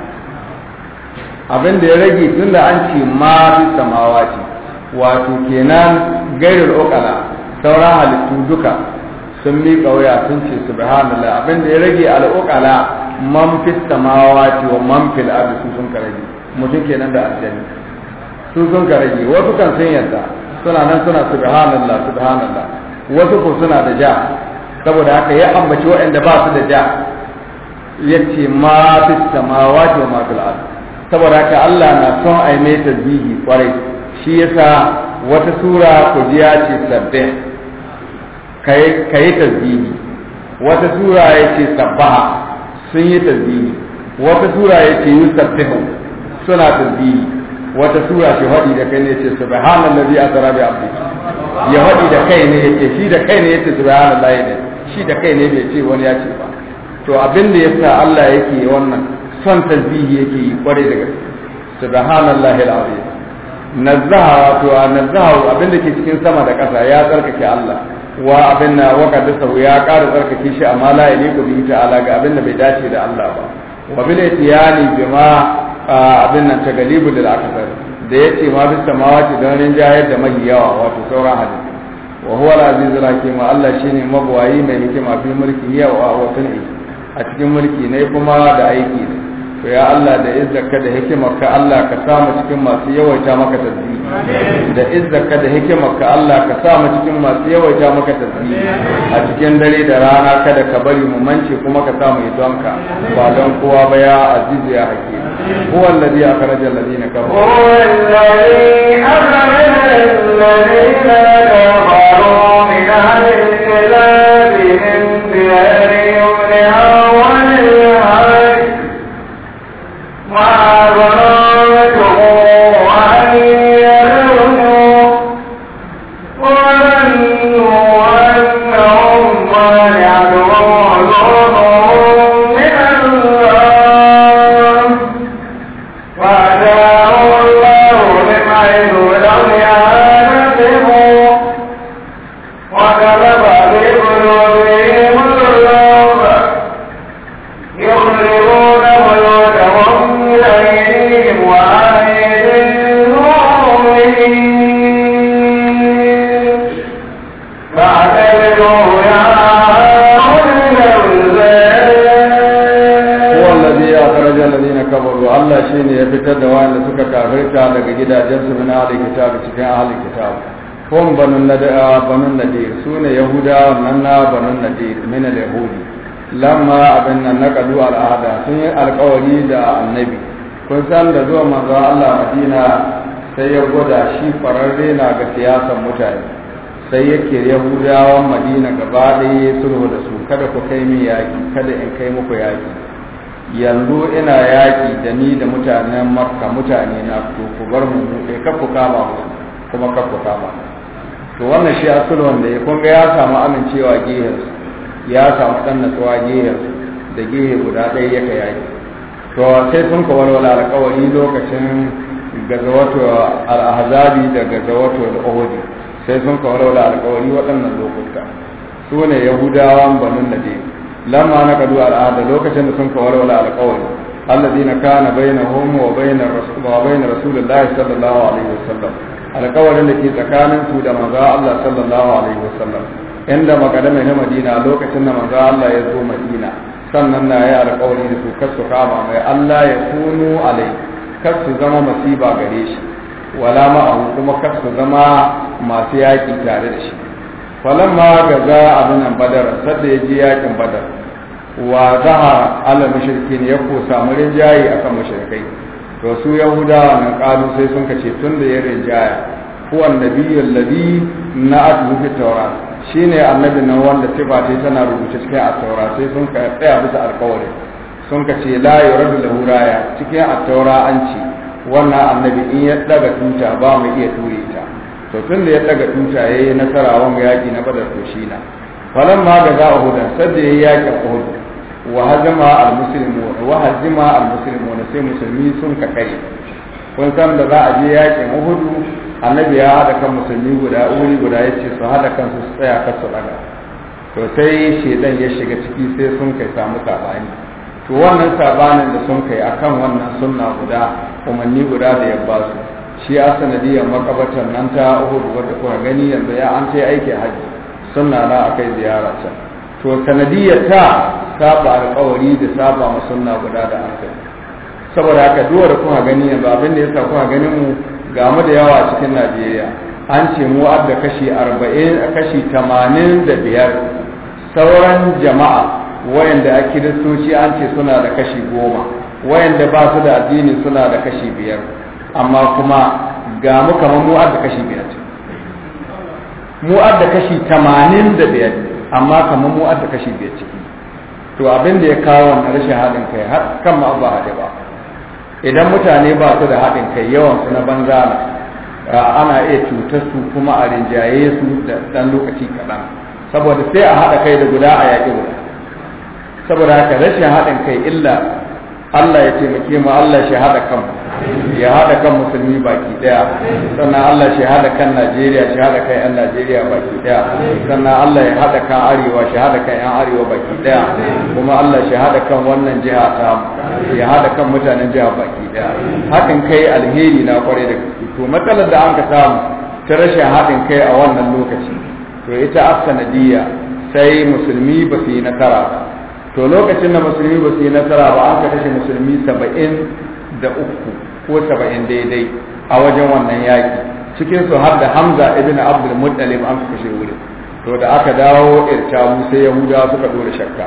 abin da ya rage tunda an ce ma bi samawati wato kenan gairul okala sauran halittu duka sun miƙa waya sun ce subhanallah abin da ya rage al'ukala man samawa ce wa man fil ardi su sun karage mutum kenan da aljani su sun karage wasu kan sun yadda suna nan suna subhanallah subhanallah wasu ko suna da ja saboda haka ya ambaci waɗanda ba su da ja ya ce ma samawa ce wa ma fil ardi saboda haka Allah na son a yi mai tasbihi kwarai shi yasa wata sura ku ji ce sabbin ka yi tasbihi wata sura ya ce sabbaha sun yi tasbihi wata sura ya ce yusabbihu suna tasbihi wata sura shi hadi da kai ne ce subhanallazi asra bi abdi ya hadi da kai ne yake shi da kai ne yace subhanallahi ne shi da kai ne bai ce wani ya ce ba to abin da yasa Allah yake wannan son tasbihi yake yi kware da gaske subhanallahi alazim nazzaha to nazzaha abin da ke cikin sama da ƙasa ya tsarkake Allah wa abin na waka da sau ya ƙara tsarkake shi amma mala ya liku bihi ta'ala ga abin da bai dace da Allah ba wa bil itiyani bima abin nan tagalibu da akthar da yace ma bi samawati don rinjayar da mai yawa wato sauran hadisi wa huwa al-aziz al-hakim Allah shine mabwayi mai hikima fi mulki yawa wa a cikin mulki ne kuma da aiki ne to ya Allah da izzarka da hikimarka Allah ka sa mu cikin masu yawaita maka tasbihi da izzarka da hikimarka Allah ka sa mu cikin masu yawaita maka tasbihi a cikin dare da rana kada ka bari mu mance kuma ka sa mu yi donka ba don kowa ba ya azizu ya hakim هو الذي أخرج الذين كفروا هو الذي أخرج الذين كفروا من أهل الكتاب من ديارهم gidajensu na ahli kitab cikin ahli kitab hum banun nada ah, banun nadir sune yahuda nan na banun nadir da yahudi lamma abin nan na al al'ada, sun yi alƙawari da annabi kun san da zuwa manzo Allah Madina sai ya gwada shi fararre na ga siyasar mutane sai yake yahudawan Madina gaba ɗaya sulhu da su kada ku kai min yaƙi kada in kai muku yaƙi yanzu ina yaƙi da ni da mutanen makka mutane na to ku bar mu kai kar ku kama kuma ka ku kama to wannan shi asul da ya kun ga ya samu amincewa gehar ya samu dan natsuwa gehar da gehe guda ɗaya ya ka yaƙi to sai sun ka walwala alƙawari lokacin gazawatu al-ahzabi da gazawatu al-uhud sai sun ka walwala alƙawari waɗannan lokuta su ne yahudawan banu nadir lamma na kadu al'ada lokacin da sun ka walwala alƙawari alladina kana bainahum wa bainar rasul wa bainar rasulullahi sallallahu alaihi wasallam alƙawarin da ke tsakanin da manzo Allah sallallahu alaihi wasallam inda makadama na Madina lokacin da manzo Allah ya zo Madina sannan na yi alƙawari da su kasu kama mai Allah ya kunu alai kasu zama masiba gare shi wala ma'ahu kuma kasu zama masu yaƙi tare da shi falamma gaza binan badar sadda ya je yakin badar wa za a ala ne ya ko samu rinjaye akan mashirkai to su yahudawa na kalu sai sun kace tun da ya rinjaya huwa annabiyyu alladhi na'atu fi Shi shine annabi nan wanda tiba ta tana rubuce cikin a taurat sai sun ka tsaya bisa alƙawari sun kace la yuradu lahu raya cikin a taurat an ce wannan annabi in ya daga tuta ba mu iya ture ta to tun da ya daga tuta ya yi nasara wanga yaki na badar to shi na falan ma da za a hudun sadda ya yi yaƙin hudu wa hajjima al musulmi wa hajjima al-muslimun sai musulmi sun ka kai kun san da za a je yakin hudu annabi ya haɗa kan musulmi guda wuri guda ya ce su haɗa kansu su tsaya ka su ɗaga to sai shedan ya shiga ciki sai sun kai samu sabani to wannan sabanin da sun kai akan wannan sunna guda umarni guda da ya ba su shi ya sanadiyar makabatar nan ta uhudu wadda kuka gani yanzu ya an sai aiki haji sunna na a kai ziyara can to sanadiyar ta saba alkawari da saba mu sunna guda da an saboda haka duwa da kuka gani yanzu abin da ya sa kuka ganin mu ga mu da yawa cikin najeriya an ce mu abda kashi arba'in kashi tamanin da biyar sauran jama'a wayanda a kiristoci an ce suna da kashi goma wayanda ba su da addini suna da kashi biyar amma kuma ga mu kamar mu da kashi biyar mu da kashi tamanin da biyar amma kamar mu da kashi biyar ciki to abin da ya kawo wannan rashin haɗin kai har kan ma ba haɗe ba idan mutane ba su da haɗin kai yawan su na banza ana iya cutar su kuma a rinjaye su da ɗan lokaci kaɗan saboda sai a haɗa kai da guda a yaƙi guda saboda haka rashin haɗin kai illa Allah ya taimake mu Allah shi hada kan ya hada kan musulmi baki ɗaya. sannan Allah shi hada kan Najeriya shi hada kan yan Najeriya baki ɗaya. sannan Allah ya hada kan arewa shi hada kan yan arewa baki ɗaya. kuma Allah shi hada kan wannan jiha ta ya hada kan mutanen jiha baki ɗaya. hakan kai alheri na kware da to matsalar da an ka samu ta rashin haɗin kai a wannan lokaci to ita as sai musulmi ba su yi nasara to lokacin da musulmi ba su yi nasara ba ka kashe musulmi saba'in da uku ko saba'in daidai a wajen wannan yaƙi cikin su har da hamza ibn abdul muttalib an kashe wuri. to da aka dawo mu sai yahuda suka dora shakka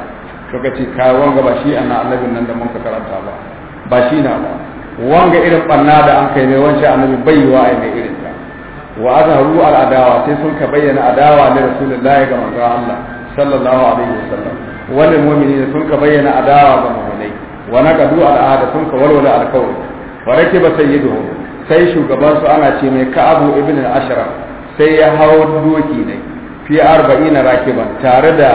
to kace ka wanga ba shi annabi annabin nan da mun ka karanta ba ba shi na ba wanga irin banna da an kai mai wancan annabi bai yi wa mai irin ta wa azharu al adawa sai sun ka bayyana adawa ne rasulullahi ga manzon Allah sallallahu alaihi wasallam wal mu'minin sun ka bayyana adawa ga mu'minai wa naqadu al'ada sun ka walwala alkawari wa rakiba sayyiduhu sai shugaban su ana ce mai ka'abu ibn al-ashraf sai ya hawo doki ne fi 40 rakiban tare da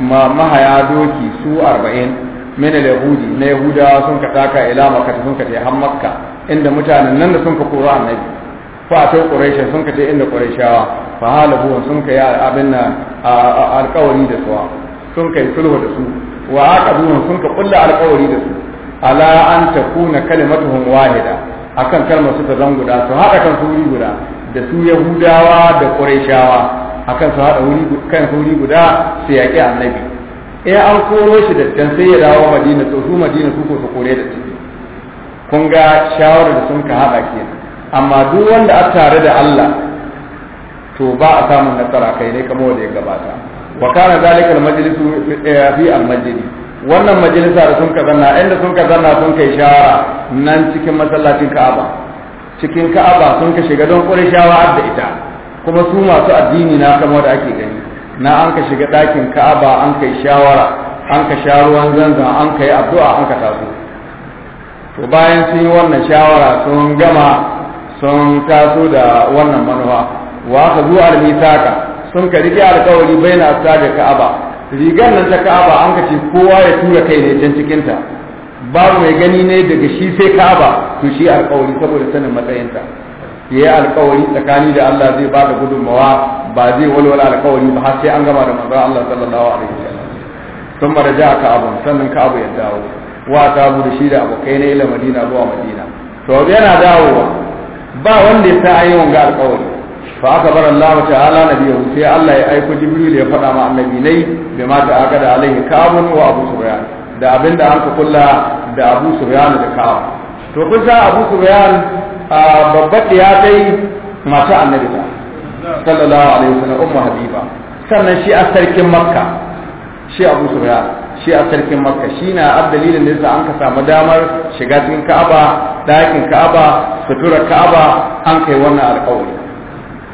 mahaya doki su 40 min al-yahudi na yahudawa sun ka taka ila makka sun ka je har makka inda mutanen nan da sun ka koro annabi fa a ta quraisha sun ka je inda quraishawa fa halabu sun ka ya abin nan alƙawari da suwa sun kai sulhu da su wa aqaduhum sun ka kulla alƙawari da su ala an takuna kalimatuhum wahida akan kalmar su ta zan guda su haɗa kan su wuri guda da su yahudawa da qurayshawa akan su haɗa wuri kan su wuri guda su yaƙi annabi eh an koro shi da dan sai ya dawo madina to su madina su ko su kore da ciki kun ga shawarar da sun ka haɗa kenan amma duk wanda a tare da Allah to ba a samun nasara kai ne kamar wanda ya gabata wa kana zalikal majlisu eh, fi al-majlis wannan majalisa da sun kazanna inda sun kazanna sun kai shawara nan cikin masallacin Ka'aba cikin Ka'aba sun ka shiga don kure shawa da ita kuma su masu addini na kamar da ake gani na an ka shiga ɗakin Ka'aba an kai shawara an ka sha ruwan zanzan an kai addu'a an ka taso to bayan sun yi wannan shawara sun gama sun taso da wannan manufa wa ka zuwa al-mithaqa sun ka rike alƙawari bai na sa da ka'aba rigar nan ta ka'aba an ka ce kowa ya tura kai ne can cikinta babu mai gani ne daga shi sai ka'aba to shi alƙawari saboda sanin matsayinta ya yi alƙawari tsakani da Allah zai ba da gudunmawa ba zai walwala alƙawari ba har sai an gama da manzon Allah sallallahu alaihi wasallam sun mara ja ka'aba sannan ka'aba ya dawo wa ta da shi da abokai na ila madina zuwa madina to yana dawowa ba wanda ya sa yi wanga alƙawari fa aka bar Allah ta'ala nabiyahu sai Allah ya aiko Jibril ya faɗa ma annabi nai da mata aka da alaihi kabun wa Abu Sufyan da abinda aka kulla da Abu Sufyan da kawo to kusa Abu Sufyan babbar ya kai mata annabi ta sallallahu alaihi wasallam ummu habiba sannan shi a sarkin makka shi Abu Sufyan shi a sarkin makka shi na abdalilin da yasa an ka samu damar shiga cikin ka'aba ɗakin ka'aba sutura ka'aba an kai wannan alƙawari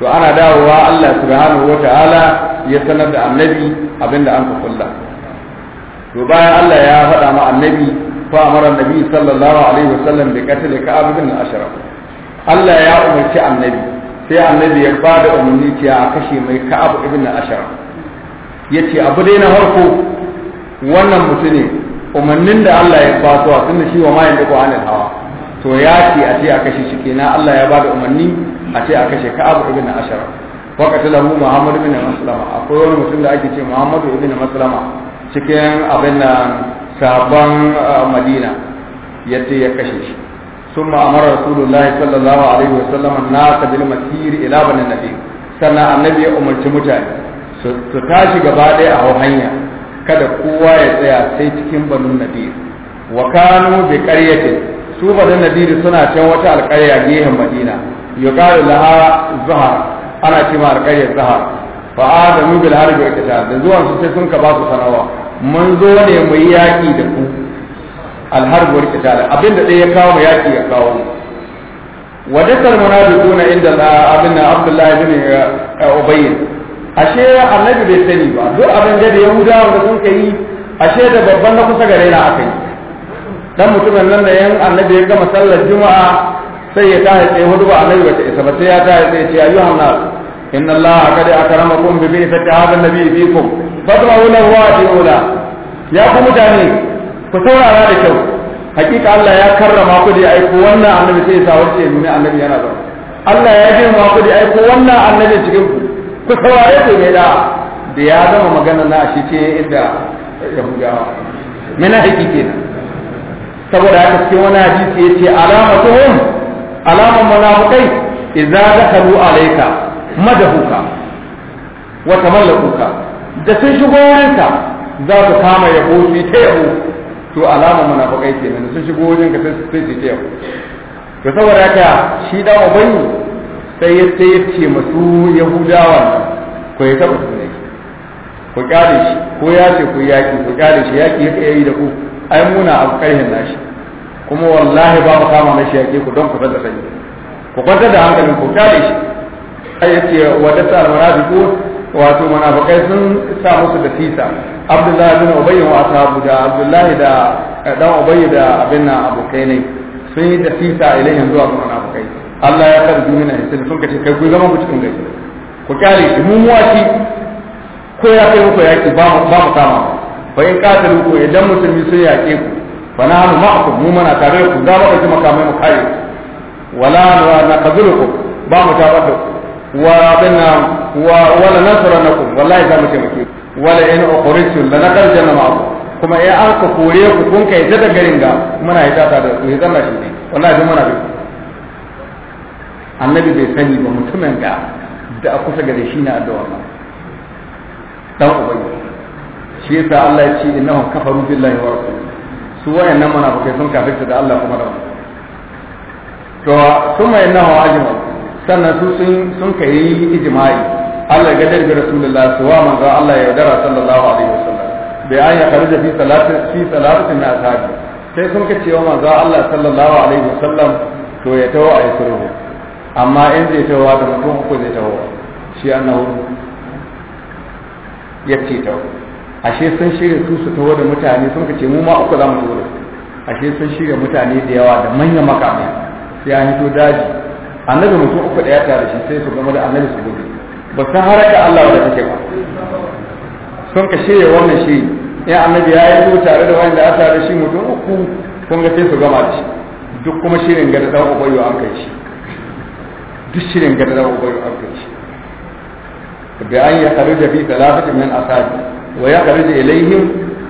to ana dawowa Allah subhanahu Ta'ala ya sanar da annabi abinda an kulla to bayan Allah ya faɗa ma annabi fa amara annabi sallallahu alaihi wasallam bi ka ka'ab bin ashraf Allah ya umarci annabi sai annabi ya bada umarni cewa a kashe mai ka'ab ibn ashraf yace abu dai na farko wannan mutune umarnin da Allah ya ba su tunda shi wa ma yanzu ko hawa to ya ce a ce a kashe shi kenan Allah ya bada umarni a ce a kashe abu ibn ashara wa qatalahu muhammad ibn maslama akwai wani mutum da ake ce muhammad ibn maslama cikin abin da sabon uh, madina yadda ya kashe shi ثم امر رسول الله صلى الله عليه وسلم الناس بالمسير الى بني النبي sannan annabi ya umarci mutane su tashi gaba ɗaya a hanya kada kowa ya tsaya sai cikin banu nadir wa kanu bi qaryatin su banu nadir suna can wata alqarya gehen madina yuqalu laha zahar ana cewa alƙaryar zahar fa adamu bil harbi wa da zuwan su sun ka ba su sanawa mun zo ne mu yaƙi da ku alharbi wa abinda ɗaya ya kawo yaƙi kawo وذكر المنافقون عند ابن عبد الله بن ابي ashe annabi bai sani ba duk abin da yahuda wanda sun kai ashe da babban na kusa gare na akai dan mutumin nan da yan annabi ya gama sallar juma'a sai ya tashi tsaye hudu ba annabi bata isa ba sai ya tashi tsaye ce ayyuhan nas inna allaha qad akramakum bi bi'sati hadha an-nabi fiikum fadra'u lahu wa'ti'ula ya ku mutane ku saurara da kyau hakika Allah ya karrama ku da aiko wannan annabi sai ya sa wace mun annabi yana ba Allah ya girma ku da aiko wannan annabi cikin ku ku saurare ku ne da da ya zama magana na shi ce inda buga mana hakike saboda haka cikin wani hadisi yace alamatuhum alaman munafiqai idza dakalu alayka madahuka wa tamallakuka da sun shigo wurinka za su kama yabo su ta yabo to alaman munafiqai kenan sun shigo wurinka sai su ta yabo to saboda haka shi da ubangi sai ya sai ya ce masu yahudawa ko ya taba su ku kare shi ko ya ce ku yaki ku kare shi yaki ya yi da ku ai muna abu karhin nashi kuma wallahi ba mu kama mashi yaƙe ku don ku san da ku kwanta da hankalin ku kare shi ai yace wadata almunafiqun wato munafikai sun sa musu da tisa abdullahi bin ubay wa ashabu da abdullahi da eh, dan ubay da abin nan abokai ne sun yi da tisa ilayhin zuwa ga munafikai Allah ya karbi mina yace sun kace kai ku zama ku cikin gari ku kyale shi mu muwaci ko ya kai muku yaki ba mu ba mu kama fa in qatalu ku idan musulmi sun yake ku fa na ma'akum mu mana tare ku za mu ɗauki makamai mu kare wala na ba mu wa wa wala wallahi za mu taimake kuma ya an kore ku kun kai ta garin ga muna yi tata da ya zama shi wallahi muna bi annabi bai sani ba mutumin ga da a kusa gare shi na addu'a dan ubangi shi yasa Allah ya ce innahu kafaru billahi wa rasulihi su wayannan munafikai sun kafirta da Allah kuma da to sun mai na hawa ajima sannan su sun kai ijma'i Allah ga dalbi rasulullah su wa manzo Allah ya yaudara sallallahu alaihi wasallam bai an ya kharija fi salatin fi salatin na ashabi sai sun ka cewa manzo Allah sallallahu alaihi wasallam to ya tawo a yasuru amma in zai tawo da mutum ko zai tawo shi annahu ya ce tawo ashe sun shirya su su taho da mutane sun ce mu ma uku za mu taho da su ashe sun shirya mutane da yawa da manyan makamai sai an hito daji annabi mutum uku da ya tare shi sai su gama da annabi su gobe ba san haraka Allah da take ba sun ka shirya wannan shi ya annabi ya yi su tare da wanda ya tare shi mutum uku sun ga sai su gama da shi duk kuma shirin gada dan ubayyo an kai shi duk shirin gada dan ubayyo an kai shi bi an ya da bi thalathati min asabi wa ya kharij ilaihim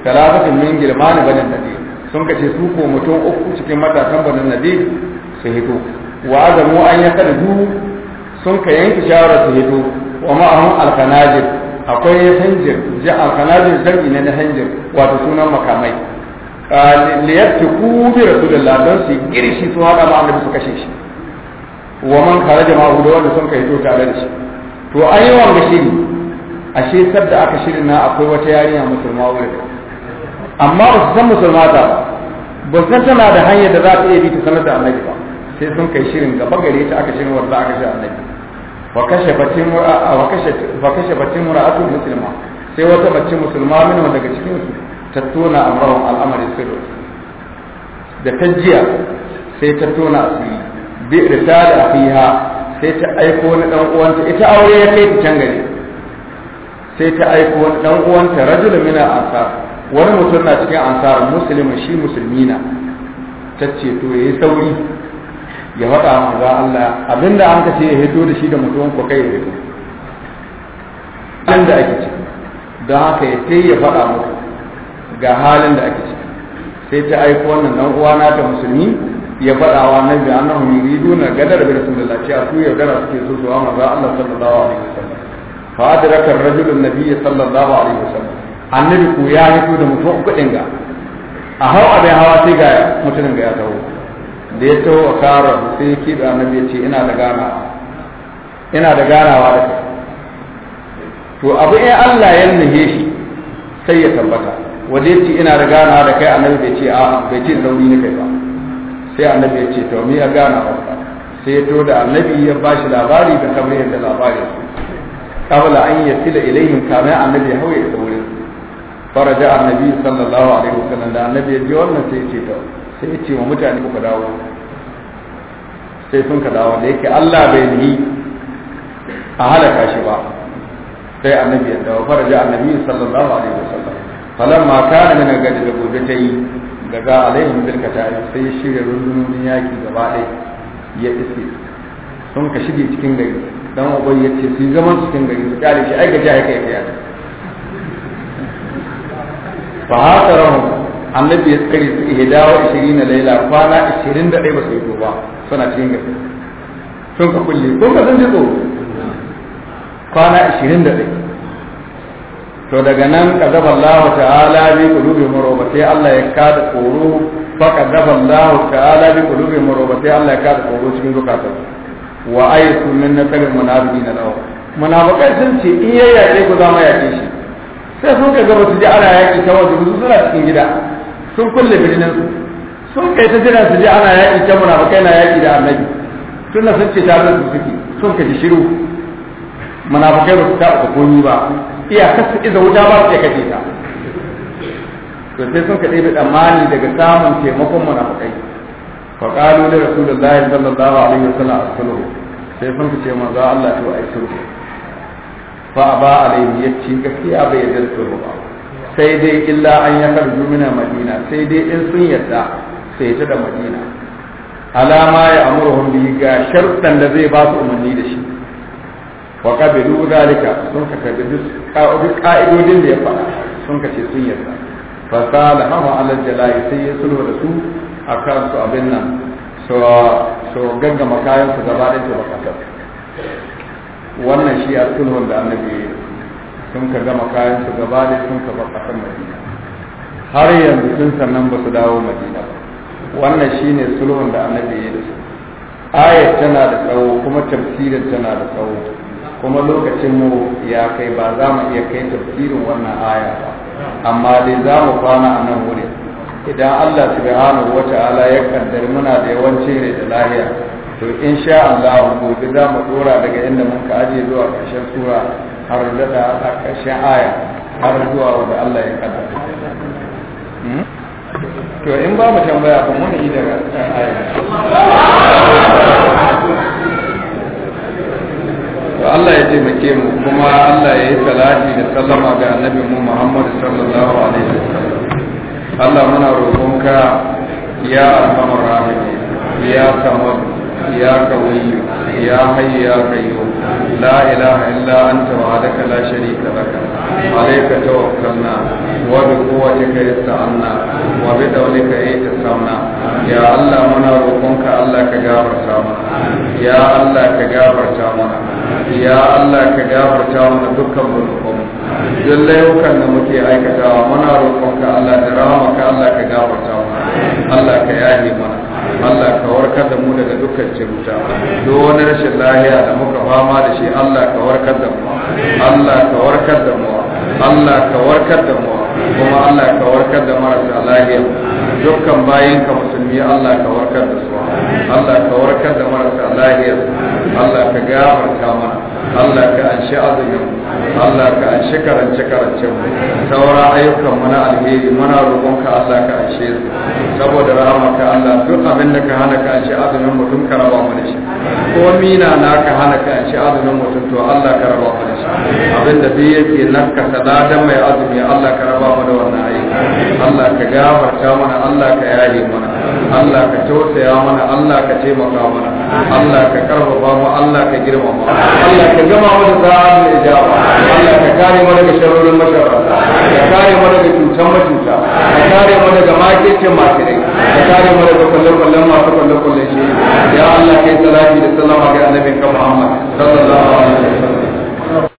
talabatun min gilman banin nabi sun kace su ko mutum uku cikin matasan banin nabi su hito wa azamu an yakarju sun ka yanke shawara su hito wa ma'ahum alkanajir akwai hanjir ji alkanajir zargi ne na hanjir wato sunan makamai ah, liyarci ku bi rasulullah don su girshi su haɗa ma annabi suka kashe shi wa man kharaja ma'ahu da wanda sun ka hito ta da shi to an yi wanga shiri ashe da aka shirin na akwai wata yarinya musulma wurin amma ba su san musulma ta ba ba san tana da hanyar da za ta iya bi ta sanar da annabi ba sai sun kai shirin gaba gare ta aka shirin wanda aka shi annabi wa kashe batin mura'atu musulma sai wata bacci musulma mini wanda daga cikin su ta tona amrawan al'amari sirri da ta jiya sai ta tona asiri bi da fiha sai ta aiko na dan uwanta ita aure ya kai ta can gari sai ta aiko wani dan uwanta rajul min ansar wani mutum na cikin ansar muslimin shi musulmi na tace to yayi sauri ya faɗa manzo Allah abinda an ka ce ya hito da shi da mutum ko kai ya hito da ake ciki don haka ya sai ya faɗa muku ga halin da ake ciki sai ta aiko wannan dan uwana ta musulmi ya faɗa wa annabi annahum yuriduna gadar bi rasulillah cewa su yaudara suke so su manzo Allah sallallahu alaihi wasallam fa adraka ar-rajulu an-nabiy sallallahu alaihi wasallam annabi ko ya hito da mutum kudin ga a hau abin hawa sai ga mutumin ga ya taho da ya taho a kara sai ya kiɗa annabi ya ce ina da ganawa ina da ganawa to abu in Allah ya nuhe shi sai ya tabbata waje ina da ganawa da kai annabi bai ce a bai ce zauni ne kai ba sai annabi ya ce to me ya gana ba sai ya to da ya bashi labari da kamar yadda labarin qabla an yasila ilaihim kana annabi hawaye da wurin faraja annabi sallallahu alaihi wasallam da annabi ya ji sai ce ta sai ce mutane ku dawo sai sun ka dawo da yake Allah bai yi a halaka shi ba sai annabi ya dawo faraja sallallahu alaihi wasallam falamma kana min gadi da gobe ta yi a alaihim bil sai shirya rundunonin yaki gaba sun ka shige cikin gari dan ubai ya ce su yi zaman cikin gari su kyale shi aikace aika ya kai fa hasarahum annabi ya tsari su ihdawa 20 laila kwana 21 ba su yi ba suna cikin gari sun ka kulle ko ka san jiko kwana 21 to daga nan kadaba Allah ta'ala bi qulubi marobatai Allah ya kada tsoro fa kadaba Allah ta'ala bi qulubi marobatai Allah ya kada tsoro cikin zukatansu wa ayatu min nakarin munafiqin law munafiqai sun ce in ya yaƙe ku za mu yaƙe shi sai sun ka gaba su ji ana yaƙi ta waje su suna cikin gida sun kulle birnin su sun kai ta jira su ji ana yaƙi ta munafiqai na yaƙi da annabi tun na sun ce ta da su suke sun ka ji shiru munafiqai ba su ta uku komi ba iya kasu iza wuta ba su ya kace ta to sai sun ka da tsammani daga samun taimakon munafiqai فقالوا لرسول الله صلى الله عليه وسلم sai sun ce manzo Allah to ai sulhu fa aba alaihi yace gaskiya bai yarda sulhu ba sai dai illa an ya karju mina madina sai dai in sun yarda sai ta da madina alama ya amuruhum bi ga shartan da zai ba su umarni da shi wa qabilu dalika sun ka karbi duk ka'idodin da ya faɗa sun ka ce sun yarda fa salaha ala jalai sai ya sulhu da su akan su abin nan To so gaggama kayan su gaba ɗaya su baka tafi wannan shi a sulhun da annabi sun ka gama kayan su gaba ɗaya sun ka baka san madina har yanzu sun sannan ba su dawo madina ba wannan shi ne sulhun da annabi ya da su ayat tana da tsawo kuma tafsirin tana da tsawo kuma lokacin mu ya kai ba za mu iya kai tafsirin wannan aya ba amma dai za mu kwana a nan wurin idan Allah subhanahu wa ta'ala ya kaddar muna da yawanci ne da lahiya to in sha Allah gobe za mu dora daga inda mun ka aje zuwa ƙarshen sura har da a ƙarshen aya har zuwa wanda Allah ya kaddara hmm? to in ba mu tambaya ba mun yi daga aya to Allah ya taimake mu kuma Allah ya yi salati da sallama ga annabi mu Muhammad sallallahu alaihi wasallam Allah muna roƙonka ya alhamar rahimi ya samar ya kawiyu ya hayyu ya kayyu la ilaha illa anta wahdaka la sharika laka alayka tawakkalna wa bi quwwatika yasta'anna wa bi dawlika yatasamna ya Allah muna roƙonka Allah ka gafarta mana ya Allah ka gafarta mana ya Allah ka gafarta mana dukkan zunubanmu duk layukan da muke aikatawa muna roƙonka Allah da rahamaka Allah ka gafarta mana Allah ka yahe mana Allah ka warkar da mu daga dukkan cuta duk wani rashin lahiya da muka fama da shi Allah ka warkar da mu Allah ka warkar da mu Allah ka warkar da mu kuma Allah ka warkar da marasa lafiya dukkan bayan musulmi Allah ka warkar da su Allah ka warkar da marasa lafiya Allah ka gafarta mana Allah ka anshi azumin Allah ka anshi karance karance mu saura ayyukan mu na alheri muna ka Allah ka anshe su saboda rahamarka Allah duk abin da ka hana ka anshi azumin mu tun ka raba mu da shi ko mina na ka hana ka anshi azumin mu tun to Allah ka raba mu da shi abin da duk yake nakka saladan mai azumi Allah ka raba mu da wannan ayyuka Allah ka gafarta mana Allah ka yare mana Allah ka tausaya mana Allah ka ce maka mana Allah ka karfafa mu Allah ka girmama Allah ka gama mu da sa'ar da ijaba Allah ka kare mu daga sharorin masharata ka kare mu daga cutan matuta ka kare mu daga makircin makirai ka kare mu daga kallon kallon masu kallon kallon shi ya Allah kai salati da sallama ga annabinka Muhammad sallallahu alaihi wasallam